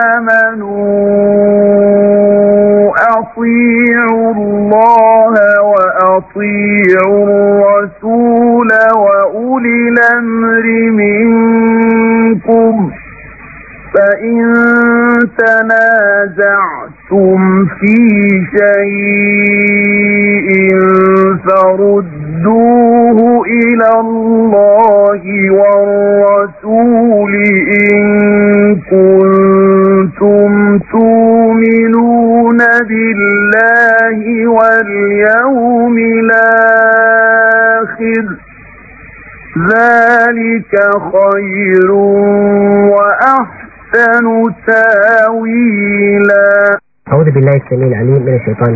آمنوا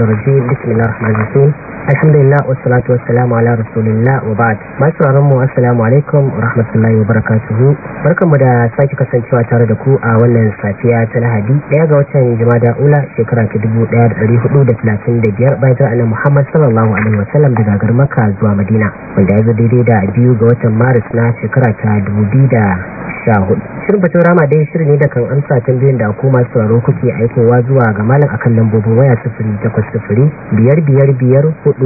الرجيم بسم الله الرحمن الرحيم alhamdulillah wassalatu wassalamu ala rasulillah wa ba'd masu mu assalamu alaikum wa rahmatullahi wa barakatuhu barkanmu da sake kasancewa tare da ku a wannan safiya ta lahadi daya ga watan jumada ula shekara ta biyar bayan jira annabi muhammad sallallahu alaihi wasallam daga garin makka zuwa madina wanda ya zo daidai da biyu ga watan maris na shekara ta hudu shirin fito rama dai shirin ne da kan amsa tambayin da ku masu sauraro kuke aikowa zuwa ga malam akan lambobin waya 0805 biyar biyar biyar hudu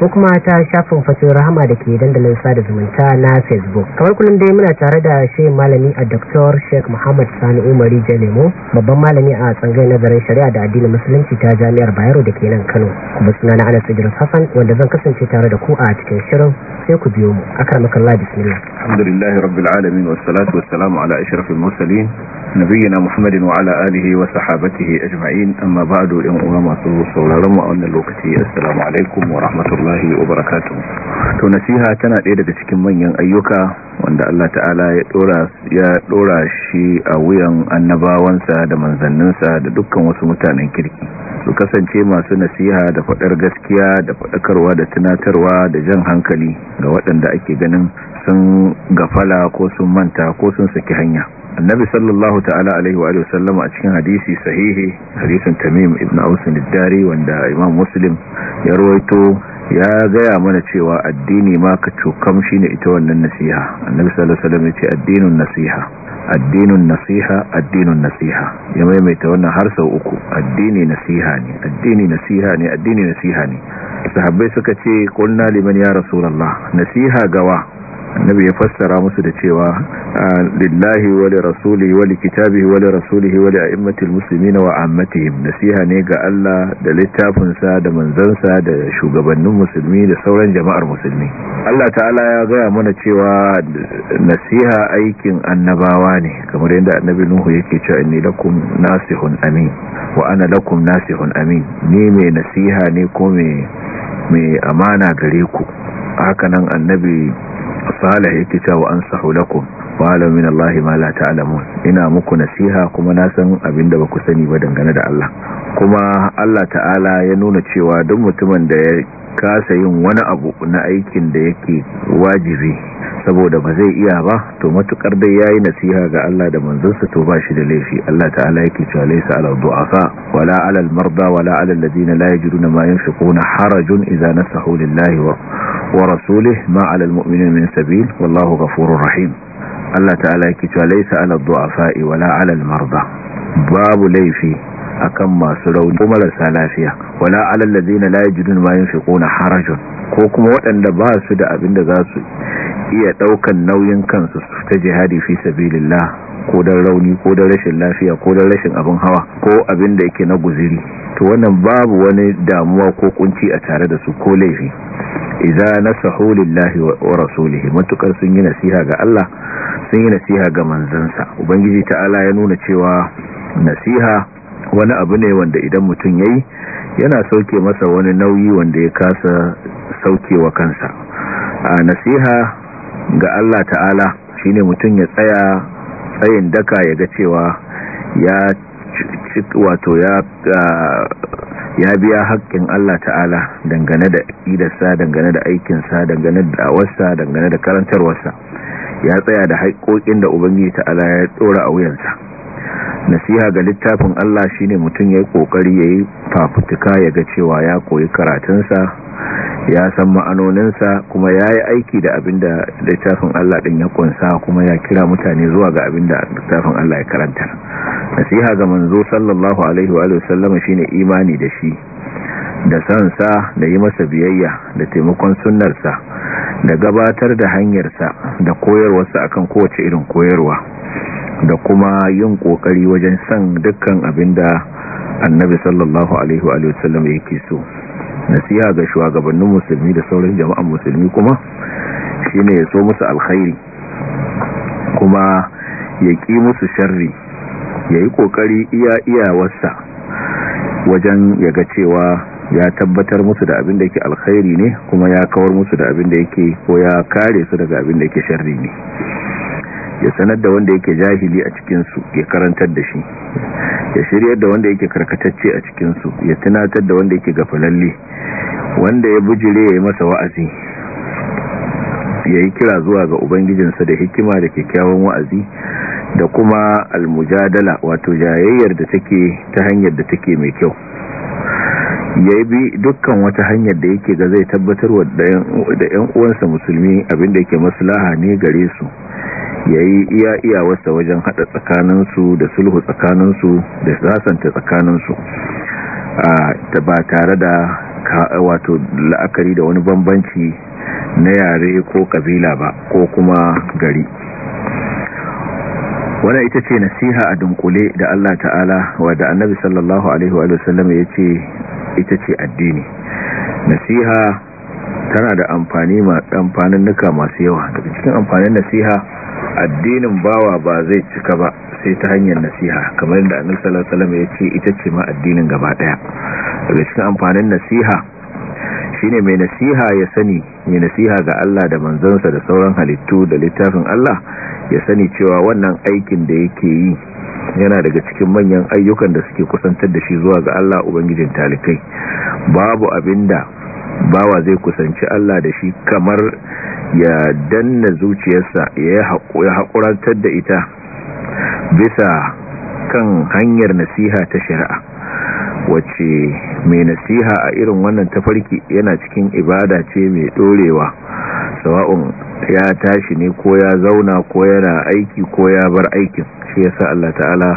ko kuma ta shafin fashin rahama da ke dandalin sada zumunta na facebook kamar kullum dai muna tare da shi malami a dr sheikh muhammad sani umari jalemo babban malami a tsangai nazarin shari'a da addinin musulunci ta jami'ar bayero da ke nan kano kuma suna na anas idris hassan wanda zan kasance tare da ku a cikin shirin sai ku biyo mu akar makalla bismillah alhamdulillah rabbil alamin wa salamu ala ashrafil mursalin nabiyina muhammadin wa ala alihi wa sahabatihi ajma'in amma ba'du yan uwa masu sauraron mu a wannan lokaci assalamu alaikum wa rahmatullahi warahmatullahi wabarakatuh to nasiha tana ɗaya daga cikin manyan ayyuka wanda Allah ta'ala ya dora ya dora shi a wuyan annabawansa da manzanninsa da dukkan wasu mutanen kirki su kasance masu nasiha da faɗar gaskiya da faɗakarwa da tunatarwa da jan hankali ga waɗanda ake ganin sun gafala ko sun manta ko sun saki hanya annabi sallallahu ta'ala alaihi wa sallam a cikin hadisi sahihi hadisin tamim ibn aus al-dari wanda imam muslim ya rawaito ya gaya mana cewa addini ma ka cokam ne ita wannan nasiha annabi sallallahu alaihi ya yace addinun nasiha addinun nasiha addinun nasiha ya maimaita wannan har sau uku addini nasiha ne addini nasiha ne addini nasiha ne sahabbai suka ce qulna liman ya rasulullah nasiha gawa annabi ya fassara musu da cewa ah, lillahi wa lirasuli wa likitabihi wa lirasulihi wa li'immatil muslimin wa ammatihim nasiha ne ga Allah da littafinsa da manzansa da shugabannin musulmi da sauran jama'ar musulmi Allah ta'ala ya gaya mana cewa nasiha aikin annabawa ne kamar yadda annabi nuhu yake cewa inni lakum nasihun amin wa ana lakum nasihun amin ni mai nasiha ne ko mai amana gare ku hakanan annabi salih yake cewa an sahu lakum wa min Allah ma la ta'lamun ina muku nasiha kuma na san abinda ba ku sani ba dangane da Allah kuma Allah ta'ala ya nuna cewa duk mutumin da ya kasa yin wani abu na aikin da yake wajibi saboda ba zai iya ba to matukar dai yayi nasiha ga Allah da manzonsa to ba shi da laifi Allah ta'ala yake cewa laysa 'ala du'afa wala 'ala al-marda wala 'ala alladhina la yajiduna ma yunfiquna harajun idza nasahu lillahi wa rasulihi ma 'ala al-mu'minina min sabil wallahu ghafurur rahim Allah ta'ala yake cewa laysa 'ala du'afa wala 'ala al-marda babu laifi akan masu rauni ko marasa lafiya wala alal ladina la yajidun ma yunfiquna harajun ko kuma waɗanda ba su da abin da za su iya daukan nauyin kansu ta jihadi fi sabilillah ko dan rauni ko dan rashin lafiya ko dan rashin abin hawa ko abin da yake na guziri to wannan babu wani damuwa ko kunci a tare da su ko laifi idza nasahu lillahi wa rasulihi matukar sun yi nasiha ga Allah sun yi nasiha ga manzansa ubangiji ta'ala ya nuna cewa nasiha wani abu ne wanda idan mutum ya yi yana sauke masa wani nauyi wanda ya kasa sauke wa kansa a nasiha ga Allah ta'ala shine mutum ya tsaya tsayin daka ya ga cewa ya wato ya ya biya haƙƙin Allah ta'ala dangane da idarsa dangane da aikinsa dangane da wasa dangane da karantarwarsa ya tsaya da haƙƙoƙin da ubangiji ta'ala ya tsora a wuyansa nasiha ga littafin Allah shine mutum ya yi kokari ya yi fafutuka ya ga cewa ya koyi karatunsa ya san ma'anoninsa kuma ya yi aiki da abin da littafin Allah ɗin ya kunsa kuma ya kira mutane zuwa ga abin da littafin Allah ya karanta nasiha ga manzo sallallahu alaihi wa shi shine imani da shi da sansa da yi masa biyayya da taimakon sunnarsa da gabatar da hanyarsa da koyarwarsa akan kowace irin koyarwa da kuma yin kokari wajen san dukkan abinda annabi sallallahu alaihi wa wasallam yake so nasiha ga shugabannin musulmi da sauran jama'an musulmi kuma shine ya so musu alkhairi kuma ya ki musu sharri yayi yi kokari iya iya wasa wajen yaga cewa ya tabbatar musu da abin da yake alkhairi ne kuma ya kawar musu da abin da yake ko ya kare su daga abin da yake sharri ne ya sanar da wanda yake jahili a cikinsu ya karantar da shi ya shiryar da wanda yake karkatacce a cikinsu ya tunatar da wanda yake gafalalle wanda ya bujire ya yi masa wa'azi ya yi kira zuwa ga ubangijinsa da hikima da kyakkyawan wa'azi da kuma almujadala wato jayayyar da take ta hanyar da take mai kyau ya bi dukkan wata hanyar da yake ga zai tabbatar da 'yan uwansa musulmi abinda yake maslaha ne gare su yayi iya iyawarsa wajen hada su da sulhu tsakanin su da hasanta tsakaninsu ta ba tare da wato la'akari da wani bambanci na yare ko kabila ba ko kuma gari wadda ita ce nasiha a dunkule da Allah ta'ala wadda annabi sallallahu alaihi wa ya ce ita ce addini nasiha tana da amfani amfanin nuka masu yawa daga cikin amfanin nasiha addinin bawa ba zai cika ba sai ta hanyar nasiha kamar yadda annabi sallallahu ya ce ita ce ma addinin gaba daya daga cikin amfanin nasiha shine mai nasiha ya sani mai nasiha ga Allah da manzansa da sauran halittu da littafin Allah ya sani cewa wannan aikin da yake yi yana daga cikin manyan ayyukan da suke kusantar da shi zuwa ga Allah ubangijin talikai babu abinda bawa zai kusanci Allah da shi kamar ya danna zuciyarsa ya haƙurantar da ita bisa kan hanyar nasiha ta shari'a wacce mai nasiha a irin wannan tafarki yana cikin ibada ce mai dorewa sawa'un ya tashi ne ko ya zauna ko yana aiki ko ya bar aikin shi yasa Allah ta'ala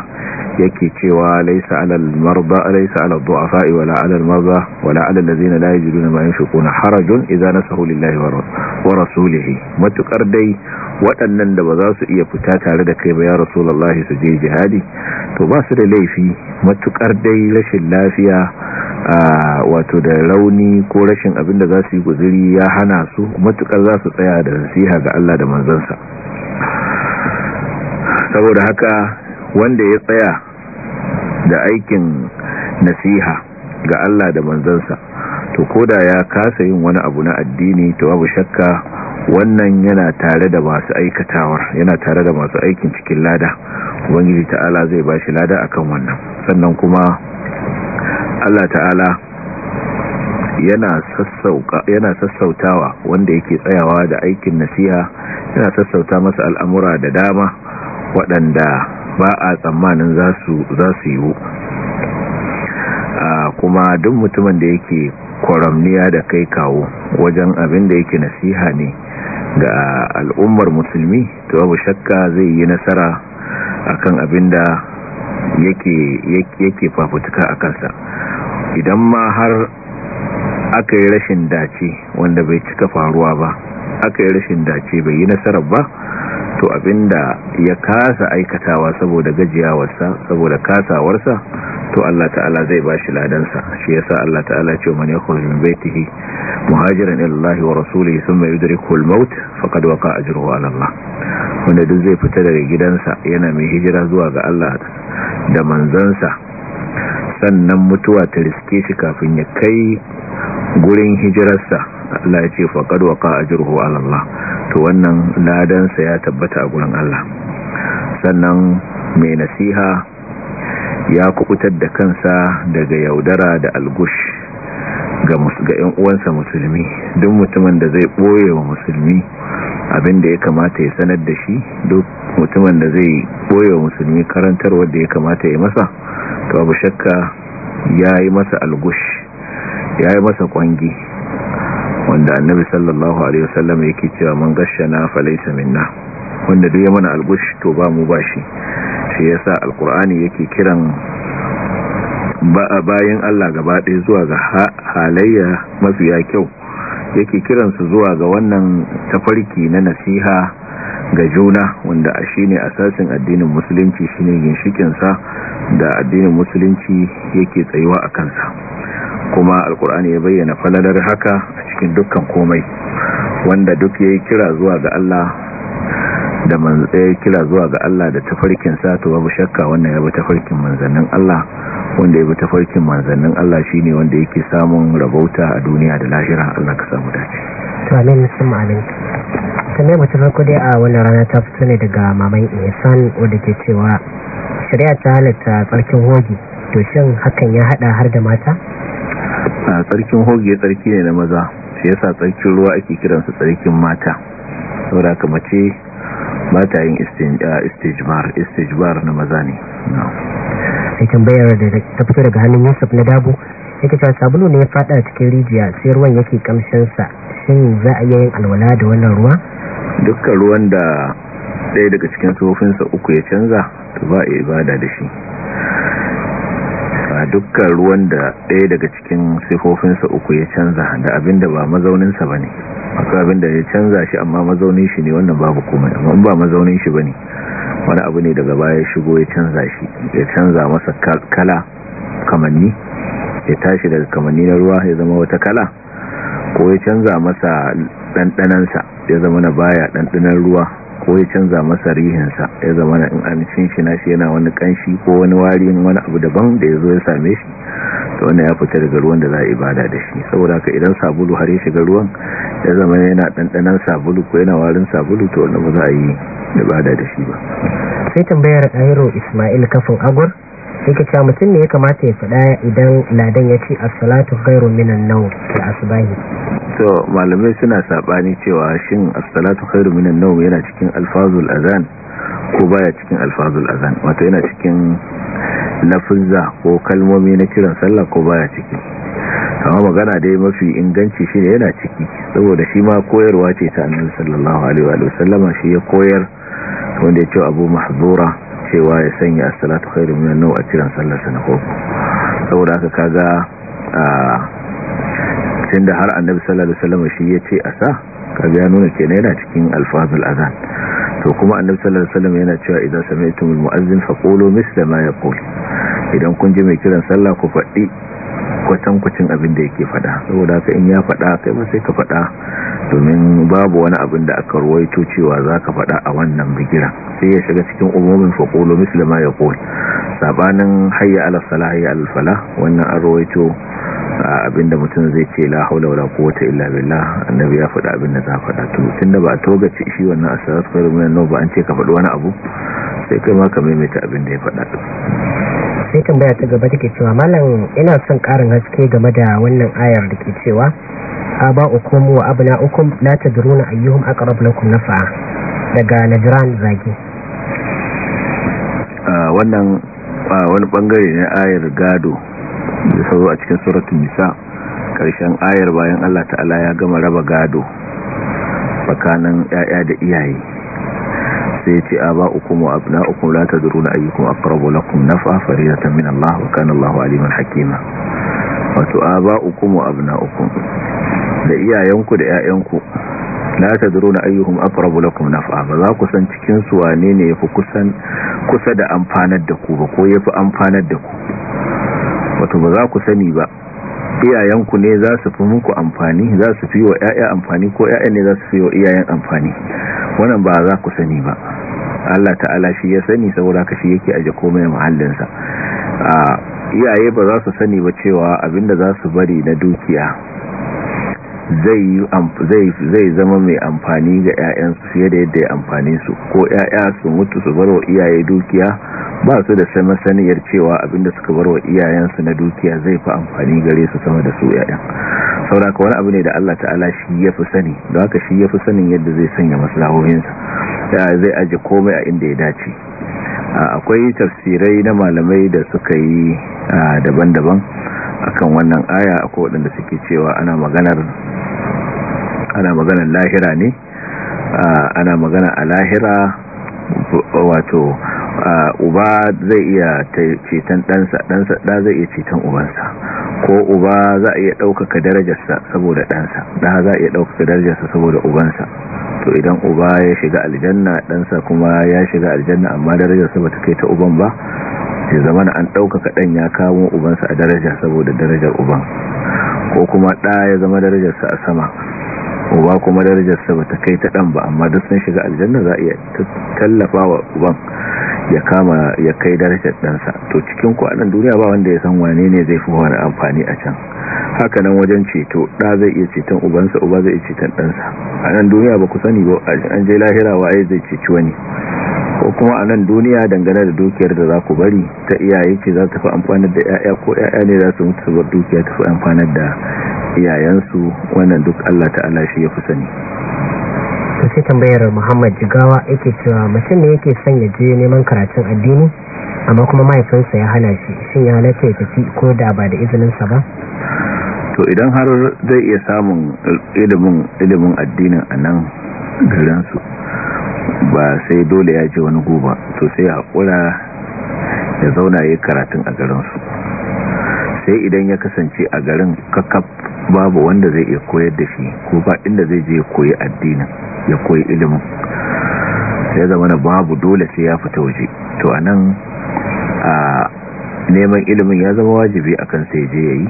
yake cewa laisa alal marda laisa alal du'afa wala alal marda wala alal ladzina la yajiduna ma yunfiquna harajun idza nasahu lillahi wa rasulihi matukar dai waɗannan da ba za su iya fita tare da kai ba ya lallahi su je jihadi to ba su da laifi Matuƙar dai rashin lafiya wato da rauni ko rashin abin da za su yi guziri ya hana su matuƙar za su tsaya da nasiha ga Allah da manzansa saboda haka wanda ya tsaya da aikin nasiha ga Allah da manzansa to ko da ya kasa yin wani abu na addini to babu shakka wannan yana tare da masu aikatawar yana tare da masu aikin cikin lada ubangiji ta'ala zai ba shi lada akan wannan sannan kuma Allah ta'ala yana sassautawa wanda yake tsayawa da aikin nasiha yana sassauta masa al'amura da dama waɗanda ba a tsammanin za su yiwu, ah, kuma duk mutumin da yake kwaramniya da kai kawo wajen abin da yake nasiha ne ga al'ummar musulmi to babu shakka zai yi nasara akan abin da yake yake fafutuka a kansa idan ma har aka yi rashin dace wanda bai cika faruwa ba aka yi rashin dace bai yi nasara ba to abinda ya kasa aikatawa saboda gajiyawarsa saboda kasawarsa to Allah ta'ala zai bashi ladansa shi yasa Allah ta'ala ce man yakhruj min baytihi muhajiran ila Allah wa rasulihi thumma yudriku al-maut faqad waqa ajruhu ala Allah wanda duk zai fita daga gidansa yana mai hijira zuwa ga Allah da manzansa sannan mutuwa ta riske shi kafin ya kai gurin hijirarsa Allah ya ce faqad waqa ajruhu ala Allah to wannan ladansa ya tabbata a gurin Allah sannan mai nasiha ya kubutar da kansa daga yaudara da algush ga ‘yan uwansa musulmi duk mutumin da zai ɓoye wa musulmi abin ya kamata ya sanar da shi duk mutumin da zai ɓoye wa musulmi karantar wadda ya kamata ya masa to abu shakka ya yi masa algush ya yi masa kwangi wanda annabi sallallahu alaihi wasallam yake cewa man gashana falaita minna wanda duk ya mana algush to ba mu shi shi sa alkur'ani yake kiran bayan Allah gaba ɗaya zuwa ga halayya mafiya kyau yake kiransu zuwa ga wannan tafarki na nasiha ga juna wanda a shi ne asasin addinin musulunci shi ne ginshikinsa da addinin musulunci yake tsayuwa a kansa kuma alkur'ani ya bayyana falalar haka a cikin dukkan komai wanda duk ya kira zuwa ga Allah da manzaya eh, kira zuwa ga Allah da tafarkin sa to babu shakka wannan ya bi tafarkin manzannin Allah wanda ya bi tafarkin manzannin Allah shine wanda yake samun rabauta a duniya da lahira Allah ka samu dace to amin musamman amin sannan mutum ko dai a wannan rana ta fito ne daga maman ihsan wanda ke cewa shari'a ta halatta tsarkin hoji to shin hakan ya hada har da mata a tsarkin hoge tsarki ne na maza shi yasa tsarkin ruwa ake kiransa tsarkin mata saboda kamace ba ta yin istijmar istijmar na maza ne sai tambayar da ta fito daga hannun yusuf na dabo yake cewa sabulu ne ya fada cikin rijiya sai ruwan yake kamshinsa shin za a iya alwala da wannan ruwa dukkan ruwan da ɗaya daga cikin tsofinsa uku ya canza to ba a ibada da shi dukkan ruwan da ɗaya daga cikin sifofinsa uku ya canza da abinda ba mazauninsa ba ne akwai abin da ya canza shi amma mazaunin shi ne wannan babu komai amma ba mazaunin shi bane wani abu ne daga baya ya shigo ya canza shi ya canza masa kala kamanni ya tashi daga kamanni na ruwa ya zama wata kala ko ya canza masa ɗanɗanansa ya zama na baya dandanan ruwa ko ya canza masa rihinsa ya zama na in an cin shi na shi yana wani kanshi ko wani wari wani abu daban da ya zo ya same shi haka wannan ya fita daga ruwan da za a ibada da shi saboda haka idan sabulu har ya shiga ruwan ya zama yana ɗanɗanan sabulu ko yana warin sabulu to wanda ba za a yi ibada da shi ba sai tambayar ɗayaro ismail kafin agur sai ka mutum ne ya kamata ya faɗa idan ladan ya ce asalatu khairu minan nau da asubahi to malamai suna saɓani cewa shin asalatu khairu minan nau yana cikin alfazul azan ko baya cikin alfazul azan wato yana cikin na lafizza ko kalmomi na kiran sallah ko baya ciki amma magana dai mafi inganci shi ne yana ciki saboda shi ma koyarwa ce ta annabi sallallahu alaihi wa sallama shi ya koyar wanda ya ce abu mahzura cewa ya sanya as-salatu khairu minan nawm a kiran sallar sana na saboda haka kaga ah, tunda har annabi sallallahu alaihi wa sallama shi ya ce a sa kaga ya nuna kenan yana cikin alfazul azan to kuma annabi sallallahu alaihi wasallam yana cewa idan sami'tumul mu'azzin faqulu misla ma yaqul idan kun ji mai kiran sallah ku faɗi kwatankwacin abin da yake fada saboda haka in ya fada kai ba sai ka fada domin babu wani abin da aka ruwaito cewa za ka fada a wannan bigira sai ya shiga cikin umumin faƙolo musulma ya ƙol sabanin hayya alasala hayya alfala wannan an ruwaito abin da mutum zai ce la haula wala quwwata illa billah annabi ya faɗa abin da za faɗa to tunda ba a toga ci shi wannan asarar kuma nan ba an ce ka faɗi wani abu sai kai ma ka maimaita abin da ya faɗa sai tambaya ta gaba take cewa malam ina son karin haske game da wannan ayar da ke cewa aba ukum wa abna ukum la tadruna ayyuhum aqrab lakum nafa daga najran zaki wannan wani bangare ne ayar gado da sauro a cikin suratul nisa karshen ayar bayan Allah ta'ala ya gama raba gado tsakanin yaya da iyaye sai ce aba'ukum wa abna'ukum la tadruna ayyukum aqrabu lakum naf'a ta min Allah wa kana Allahu aliman hakima wato aba'ukum wa abna'ukum da iyayenku da ƴaƴanku la tadruna ayyuhum aqrabu lakum naf'a ba za ku san cikin su wane ne yafi kusan kusa da amfanar da ku ba ko yafi amfanar da ku wato ba za ku sani ba iyayenku ne za su fi muku amfani za su fi wa 'ya'ya amfani ko 'ya'ya ne za su fi wa iyayen amfani wannan ba za ku sani ba Allah ta'ala shi ya sani saboda ka shi yake aje komai a iyaye ba za su sani ba cewa abinda za su bari na dukiya zai zama mai amfani ga 'ya'yansu fiye da yadda ya amfani su ko 'ya'ya su mutu su barwa iyaye dukiya ba su da sama saniyar cewa abinda suka barwa iyayensu na dukiya zai fi amfani gare su sama da su 'ya'yan sauraka wani abu ne da Allah ta'ala shi ya fi sani da haka shi ya fi sanin yadda zai sanya maslahohinsa zai ajiye komai a inda ya dace akwai tafsirai na malamai da suka yi daban-daban akan wannan aya ko waɗanda suke cewa ana maganar ana maganar lahira ne ana magana a lahira wato uba zai iya ceton ɗansa ɗansa ɗa zai iya ceton ubansa ko uba za a iya ɗaukaka darajarsa saboda ɗansa ɗa za a iya ɗaukaka darajarsa saboda ubansa to idan uba ya shiga aljanna ɗansa kuma ya shiga aljanna amma darajarsa ba ta kai ta uban ba ya zama an ɗaukaka ɗan ya kawo ubansa a daraja saboda darajar uban ko kuma ɗa ya zama darajarsa a sama uba kuma darajarsa ba ta kai ta ɗan ba amma duk sun shiga aljanna za a iya tallafa wa uban ya kama ya kai darajar ɗansa to cikin ku nan duniya ba wanda ya san wane ne zai fi wani amfani a can haka nan wajen ceto ɗa zai iya ceton ubansa uba zai iya ceton ɗansa a nan duniya ba ku sani ba an je lahira waye zai ceci wani ko kuma a nan duniya dangane da dukiyar da za ku bari ta iyaye ce za ta fi amfanar da 'ya'ya ko 'ya'ya ne za su mutu saboda dukiya ta fi amfanar da iyayensu wannan duk Allah ta'ala shi ya fi sani ta ce tambayar Muhammad Jigawa yake cewa mutum ne yake son ya je neman karatun addini amma kuma mahaifinsa ya hana shi shin ya halatta ya tafi ko da ba da izininsa ba to idan har zai iya samun ilimin ilimin addinin a nan garinsu ba sai dole ya je wani guba to sai haƙura ya zauna ya karatun a garinsu sai idan ya kasance a garin kakaf babu wanda zai iya koyar da shi ko ba inda zai je koyi addinin ya koyi ilimin sai zama na babu dole sai ya fita waje to a nan a neman ilimin ya zama wajibi akan sai je ya yi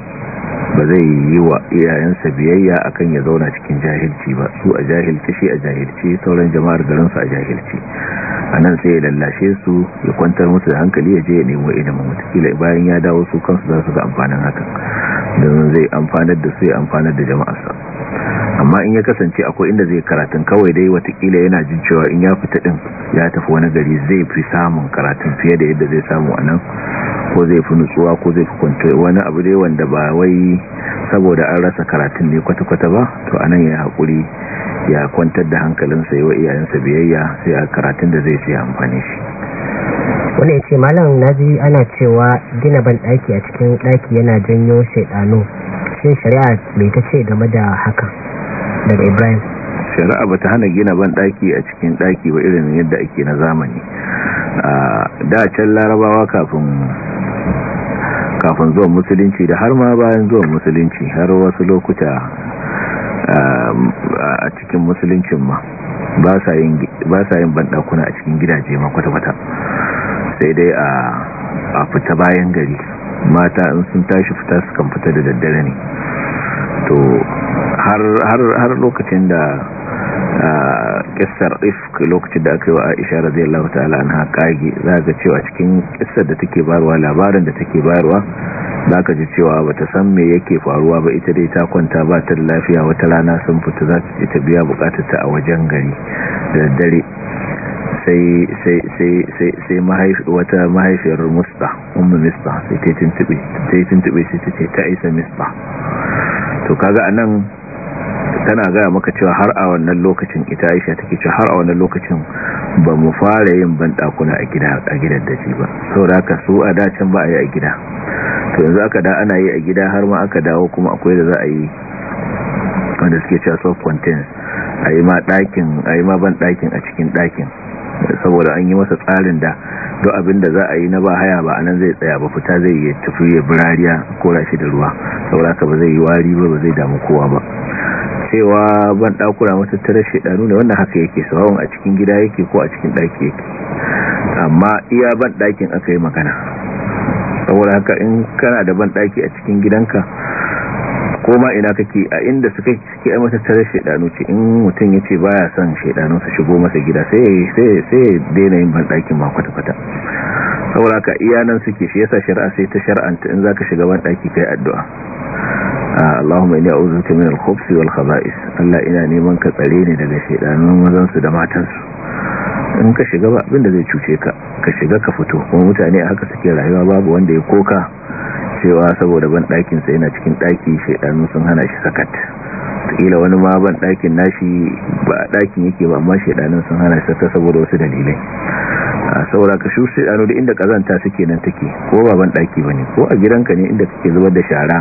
ba zai yi wa iyayensa biyayya akan ya zauna cikin jahilci ba su a jahilci shi a jahilci sauran jama'ar garinsu a jahilci a nan sai ya lallashe su ya kwantar musu da hankali ya je ya nemo ilimin watakila bayan ya dawo su kansu za su ga amfanin hakan don zai amfanar da su ya amfanar da jama'arsa amma in ya kasance akwai inda zai karatun kawai dai watakila yana jin cewa in ya fita din ya tafi wani gari zai fi samun karatun fiye da yadda zai samu a nan ko zai fi nutsuwa ko zai fi kwanto wani abu dai wanda ba wai saboda an rasa karatun ne kwata-kwata ba to anan ya haƙuri ya kwantar da hankalinsa yi wa iyayensa biyayya sai a karatun da zai sai amfani shi wani ya ce malam naji ana cewa gina banɗaki a cikin ɗaki yana janyo shaiɗanu shi shari'a mai ta ce game da haka daga ibrahim shari'a bata hana gina banɗaki a cikin ɗaki ba irin yadda ake na zamani da can larabawa kafin kafin zuwan musulunci da har ma bayan zuwan musulunci har wasu lokuta a cikin musuluncin ma ba sa yin bandakuna a cikin gidaje ma kwata-kwata sai dai a fita bayan gari mata in sun tashi fita su kan fita da daddare ne to har lokacin da kissar ifk lokacin da aka yi wa aisha radiyallahu ta'ala anha haƙaƙi za ga cewa cikin kissar da take barwa labarin da take barwa za ka ji cewa ba ta san me yake faruwa ba ita dai ta kwanta ba ta lafiya wata rana sun fita za ta ta biya ta a wajen gari da dare sai wata mahaifiyar musta umma musta sai ta yi tuntube sai ta ce ta isa musta to kaga anan tana gaya maka cewa har a wannan lokacin ita aisha take cewa har a wannan lokacin ba mu fara yin banɗakuna a gida a gidan daji ba saboda haka su a dacin ba a yi a gida to yanzu aka da ana yi a gida har ma aka dawo kuma akwai da za a yi wanda suke cewa soft container a yi ma ɗakin a yi ma banɗakin a cikin ɗakin saboda an yi masa tsarin da duk abin da za a yi na ba haya ba anan zai tsaya ba fita zai yi tafiya ya birariya ko rashi da ruwa saboda haka ba zai yi wari ba ba zai damu kowa ba cewa ban dakura matattarar shedanu ne wannan haka yake sawon a cikin gida yake ko a cikin daki yake amma iya ban dakin aka yi magana saboda haka in kana da ban daki a cikin gidanka koma ina kake a inda suka suke a matattarar shedanu ce in mutum yace baya son shedanu su shigo masa gida sai sai daina yin ban dakin ma kwata-kwata saboda haka iya nan suke shi yasa shari'a sai ta shari'anta in zaka shiga ban daki kai addu'a Allahumma inni a'udhu bika min al-khubuthi wal khaba'is Allah ina neman ka tsare ni daga shedanun mazan su da matan su in ka shiga ba abinda zai cuce ka ka shiga ka fito kuma mutane haka suke rayuwa babu wanda ya koka cewa saboda ban sa yana cikin ɗaki shedanun sun hana shi sakat kila wani ma ban ɗakin nashi ba a ɗakin yake ba amma shaidanin sun hana shi ta saboda wasu dalilai a saura ka shushe ano da inda kazanta suke nan take ko ba ban ɗaki ba ne ko a gidanka ne inda kake zubar da shara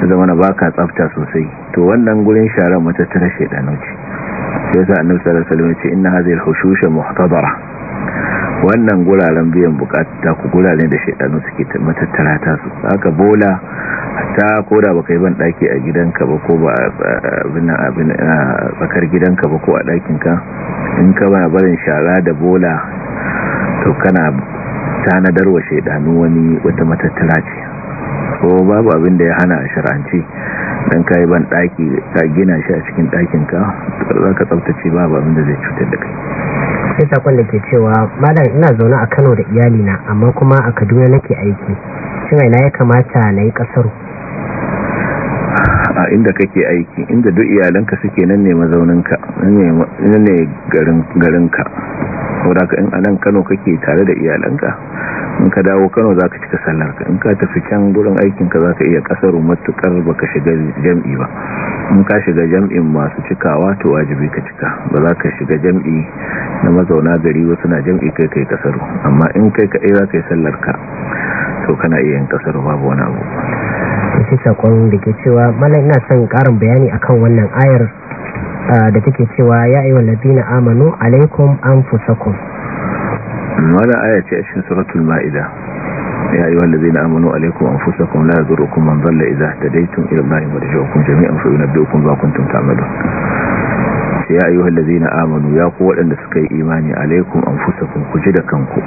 ta zama na baka tsafta sosai to wannan gurin shara matattara shaidanu ce sai sa annabi sallallahu alaihi ce ina hadhihi al muhtadara wannan guraren biyan bukata ku guraren da shaidanu suke matattara ta su haka bola ta koda baka yi ban daki a gidanka ba ko ba abin gidanka ba ko a dakinka in ka ba barin shara da bola to kana tanadar wa shaidanu wani wata matattara ce ko babu abin da ya hana a shirance, don kayi yi ban ɗaki ka gina shi a cikin ɗakinka za ka tsabtace babu abin da zai cutar da kai sai sakon da ke cewa malam ina zaune a kano da iyalina amma kuma a kaduna nake aiki mai na ya kamata na yi ƙasar a inda kake aiki inda duk iyalanka suke nan ne mazauninka nan ne garinka saboda ka in a nan kano kake tare da iyalanka in ka dawo kano za ka cika sallarka in ka tafi can gurin aikinka za ka iya kasar matukar ba ka shiga jam'i ba in ka shiga jam'in masu cikawa to wajibi ka cika ba za ka shiga jam'i na mazauna gari wasu na jam'i kai kai kasar amma in kai kaɗai za kai sallarka to kana iya yin ba babu wani abu sai sakon da ke cewa mana ina son karin bayani akan wannan ayar ah, da take cewa ya ayyuhal ladina amanu alaikum anfusakum wannan aya ce a cikin suratul ma'ida ya ayyuhal ladzina amanu alaykum anfusakum la yadurukum man dhalla idha ihtadaytum ila allahi marji'ukum jami'an fa yunabbi'ukum bima kuntum ta'malun ya ayyuhal ladzina amanu ya ku waɗanda suka yi imani alaykum anfusakum ku ji da kanku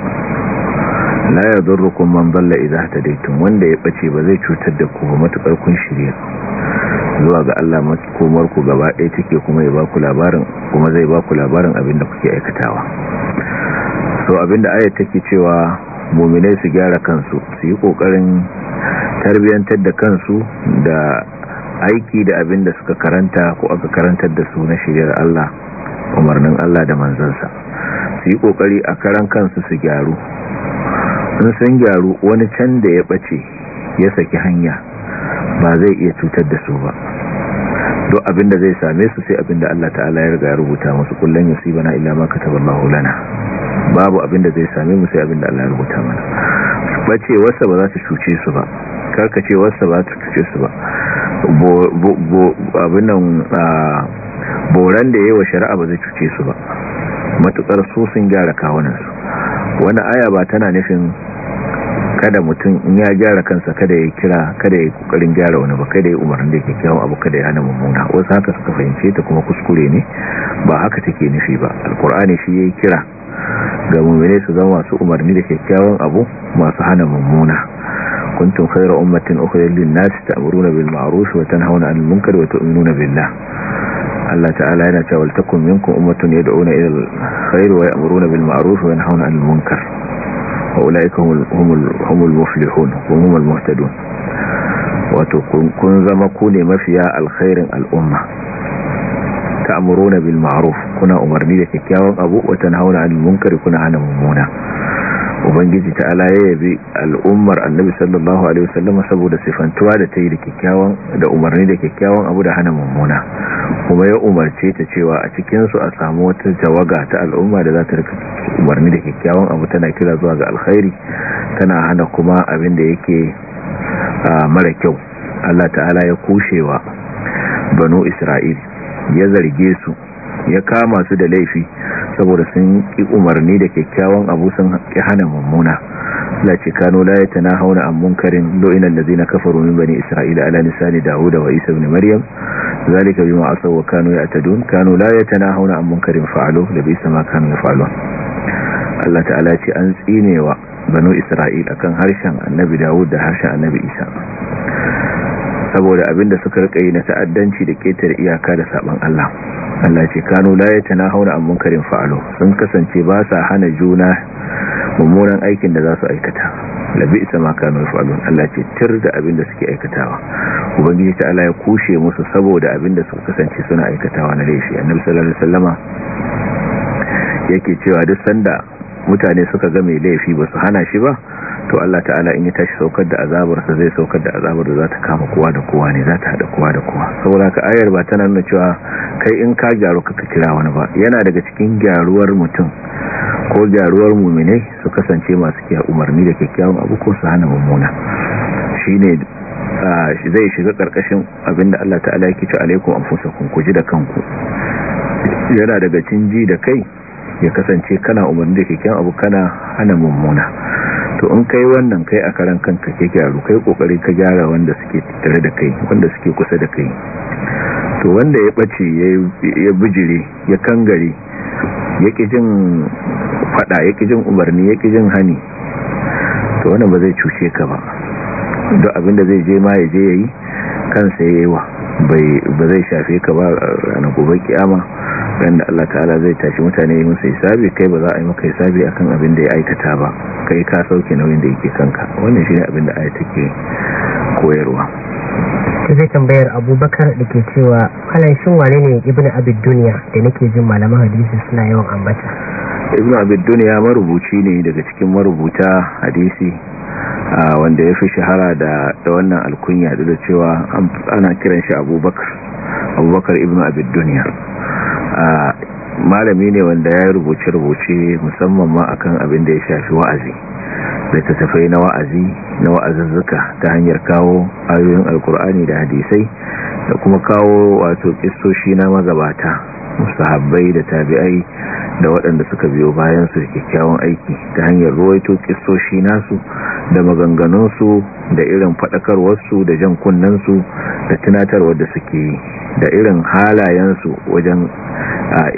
la yadurukum man dhalla idha ihtadaytum wanda ya bace ba zai cutar da ku ba matukar kun shirya zuwa ga Allah makomar ku gaba ɗaya take kuma ya ba ku labarin kuma zai ba ku labarin abin da kuke aikatawa so abinda ayat take cewa muminai su gyara kansu su yi kokarin tarbiyantar da kansu da aiki da abinda suka karanta ko aka karantar da su na shiryar Allah umarnin Allah da manzansa su yi kokari a karan kansu su gyaru sun san gyaru wani can da ya bace ya saki hanya ba zai iya cutar da su ba duk abinda zai same su sai abinda Allah ta'ala ya riga ya rubuta musu kullun yusibana illa ma kataballahu lana babu abin da zai same mu sai abin da Allah ya rubuta mana bace wasa ba za ta cuce su ba karka ce wasa ba ta cuce su ba abin nan boran da yayi wa shari'a ba zai cuce su ba matukar su sun gyara kawunan su wani aya ba tana nufin kada mutum in ya gyara kansa kada ya kira kada ya kokarin gyara wani ba kada ya umarni da kyakkyawan abu kada ya hana mummuna wasu haka suka fahimce ta kuma kuskure ne ba haka take nufi ba alkur'ani shi yayi kira ga mummune su zama su umarni da kyakkyawan abu masu hana mummuna kuntum khayra ummatin ukhrijat lin-nas ta'muruna bil ma'ruf wa tanhauna 'anil munkar wa tu'minuna billah Allah ta'ala yana cewa takum minkum ummatun yad'una ila al-khayr wa ya'muruna bil ma'ruf wa yanhauna 'anil munkar wa ulaika humul humul muflihun wa humul muhtadun wa wato kun zama ku ne mafiya al-umma ta'muruna bil ma'ruf kuna umarni da kyakkyawan abu watan hauna 'anil munkari kuna hana mummuna ubangiji ta ala ya yabi al'ummar annabi sallallahu alaihi wasallam saboda sifantuwa da ta yi da kyakkyawan da umarni da kyakkyawan abu da hana mummuna kuma ya umarce ta cewa a cikin su a samu wata jawaga ta al'umma da za ta rika umarni da kyakkyawan abu tana kira zuwa ga alkhairi tana hana kuma abin da yake ah, mara kyau Allah ta'ala ya kushewa banu Isra'il ya zarge su ya kama su da laifi saboda sun ƙi umarni da kyakkyawan abu sun ƙi hana mummuna la ce kano la ya tana hauna an munkarin lo'inan da zai na kafa rumin bane isra'ila ala nisani dawo da wa isa ibn maryam zalika bi ma'asau wa kano ya dun kano la ya tana hauna an munkarin fa'alo da bi sama kano ya fa'alo Allah ta'ala ce an tsinewa bano isra'ila kan harshen annabi dawo da harshen annabi isa saboda abin da suka rika yi na ta'addanci da ketar iyaka da saban Allah Allah ce kanu la hauna a munkarin fa'alu sun kasance ba sa hana juna mummunan aikin da za su aikata labi isa ma kanu fa'alo Allah ce tir da abinda suke aikatawa ubangiji ta Allah ya kushe musu saboda abin da suka kasance suna aikatawa na laifi annabi sallallahu alaihi wasallama yake cewa duk sanda mutane suka ga mai laifi ba su hana shi ba to Allah ta'ala in ya tashi saukar da azabarsa zai saukar da azabar da za ta kama kowa da kowa ne za ta haɗa kowa da kowa saboda ka ayar ba tana nuna cewa kai in ka gyaru ka kira wani ba yana daga cikin gyaruwar mutum ko gyaruwar muminai su kasance masu kiya umarni da kyakkyawan abu ko su hana mummuna ne zai shiga karkashin da Allah ta'ala yake ci alaikum anfusakum ku ji da kanku yana daga cin ji da kai ya kasance kana umarni da kyakkyawan abu kana hana mummuna to in kai wannan kai a karan kanka ke gyaru kai kokari ka gyara wanda suke tare da kai wanda suke kusa da kai to wanda ya bace ya bijire ya kangare ya jin fada ya jin umarni ya jin hani to wannan ba zai cuce ka ba don abinda zai je ma ya je yayi kansa yayi wa bai ba zai shafe ka ba ranar gobe kiyama ran Allah ta'ala zai tashi mutane musu hisabi kai ba za a yi maka hisabi akan abin da ya aikata ba kai ka sauke nauyin da yake kanka wannan shine abin da aya take koyarwa zai tambayar abubakar da ke cewa kalan shin wane ne ibn abid duniya da nake jin malaman hadisi suna yawan ambata ibn abid duniya marubuci ne daga cikin marubuta hadisi wanda ya fi shahara da wannan alkunya da cewa ana kiran shi abubakar abubakar ibn abid duniya a malami ne wanda ya rubuce-rubuce musamman ma akan abin da ya shafi wa'azi littattafai na wa'azi na wa'azazzuka ta hanyar kawo ayoyin alkur'ani da hadisai da kuma kawo wato kistoshi na magabata musahabbai da tabi'ai da waɗanda suka biyo bayan su da kyakkyawan aiki ta hanyar ruwaito kistoshi nasu da maganganunsu da irin faɗakarwarsu da jan kunnensu da tunatarwar da suke yi da irin halayensu wajen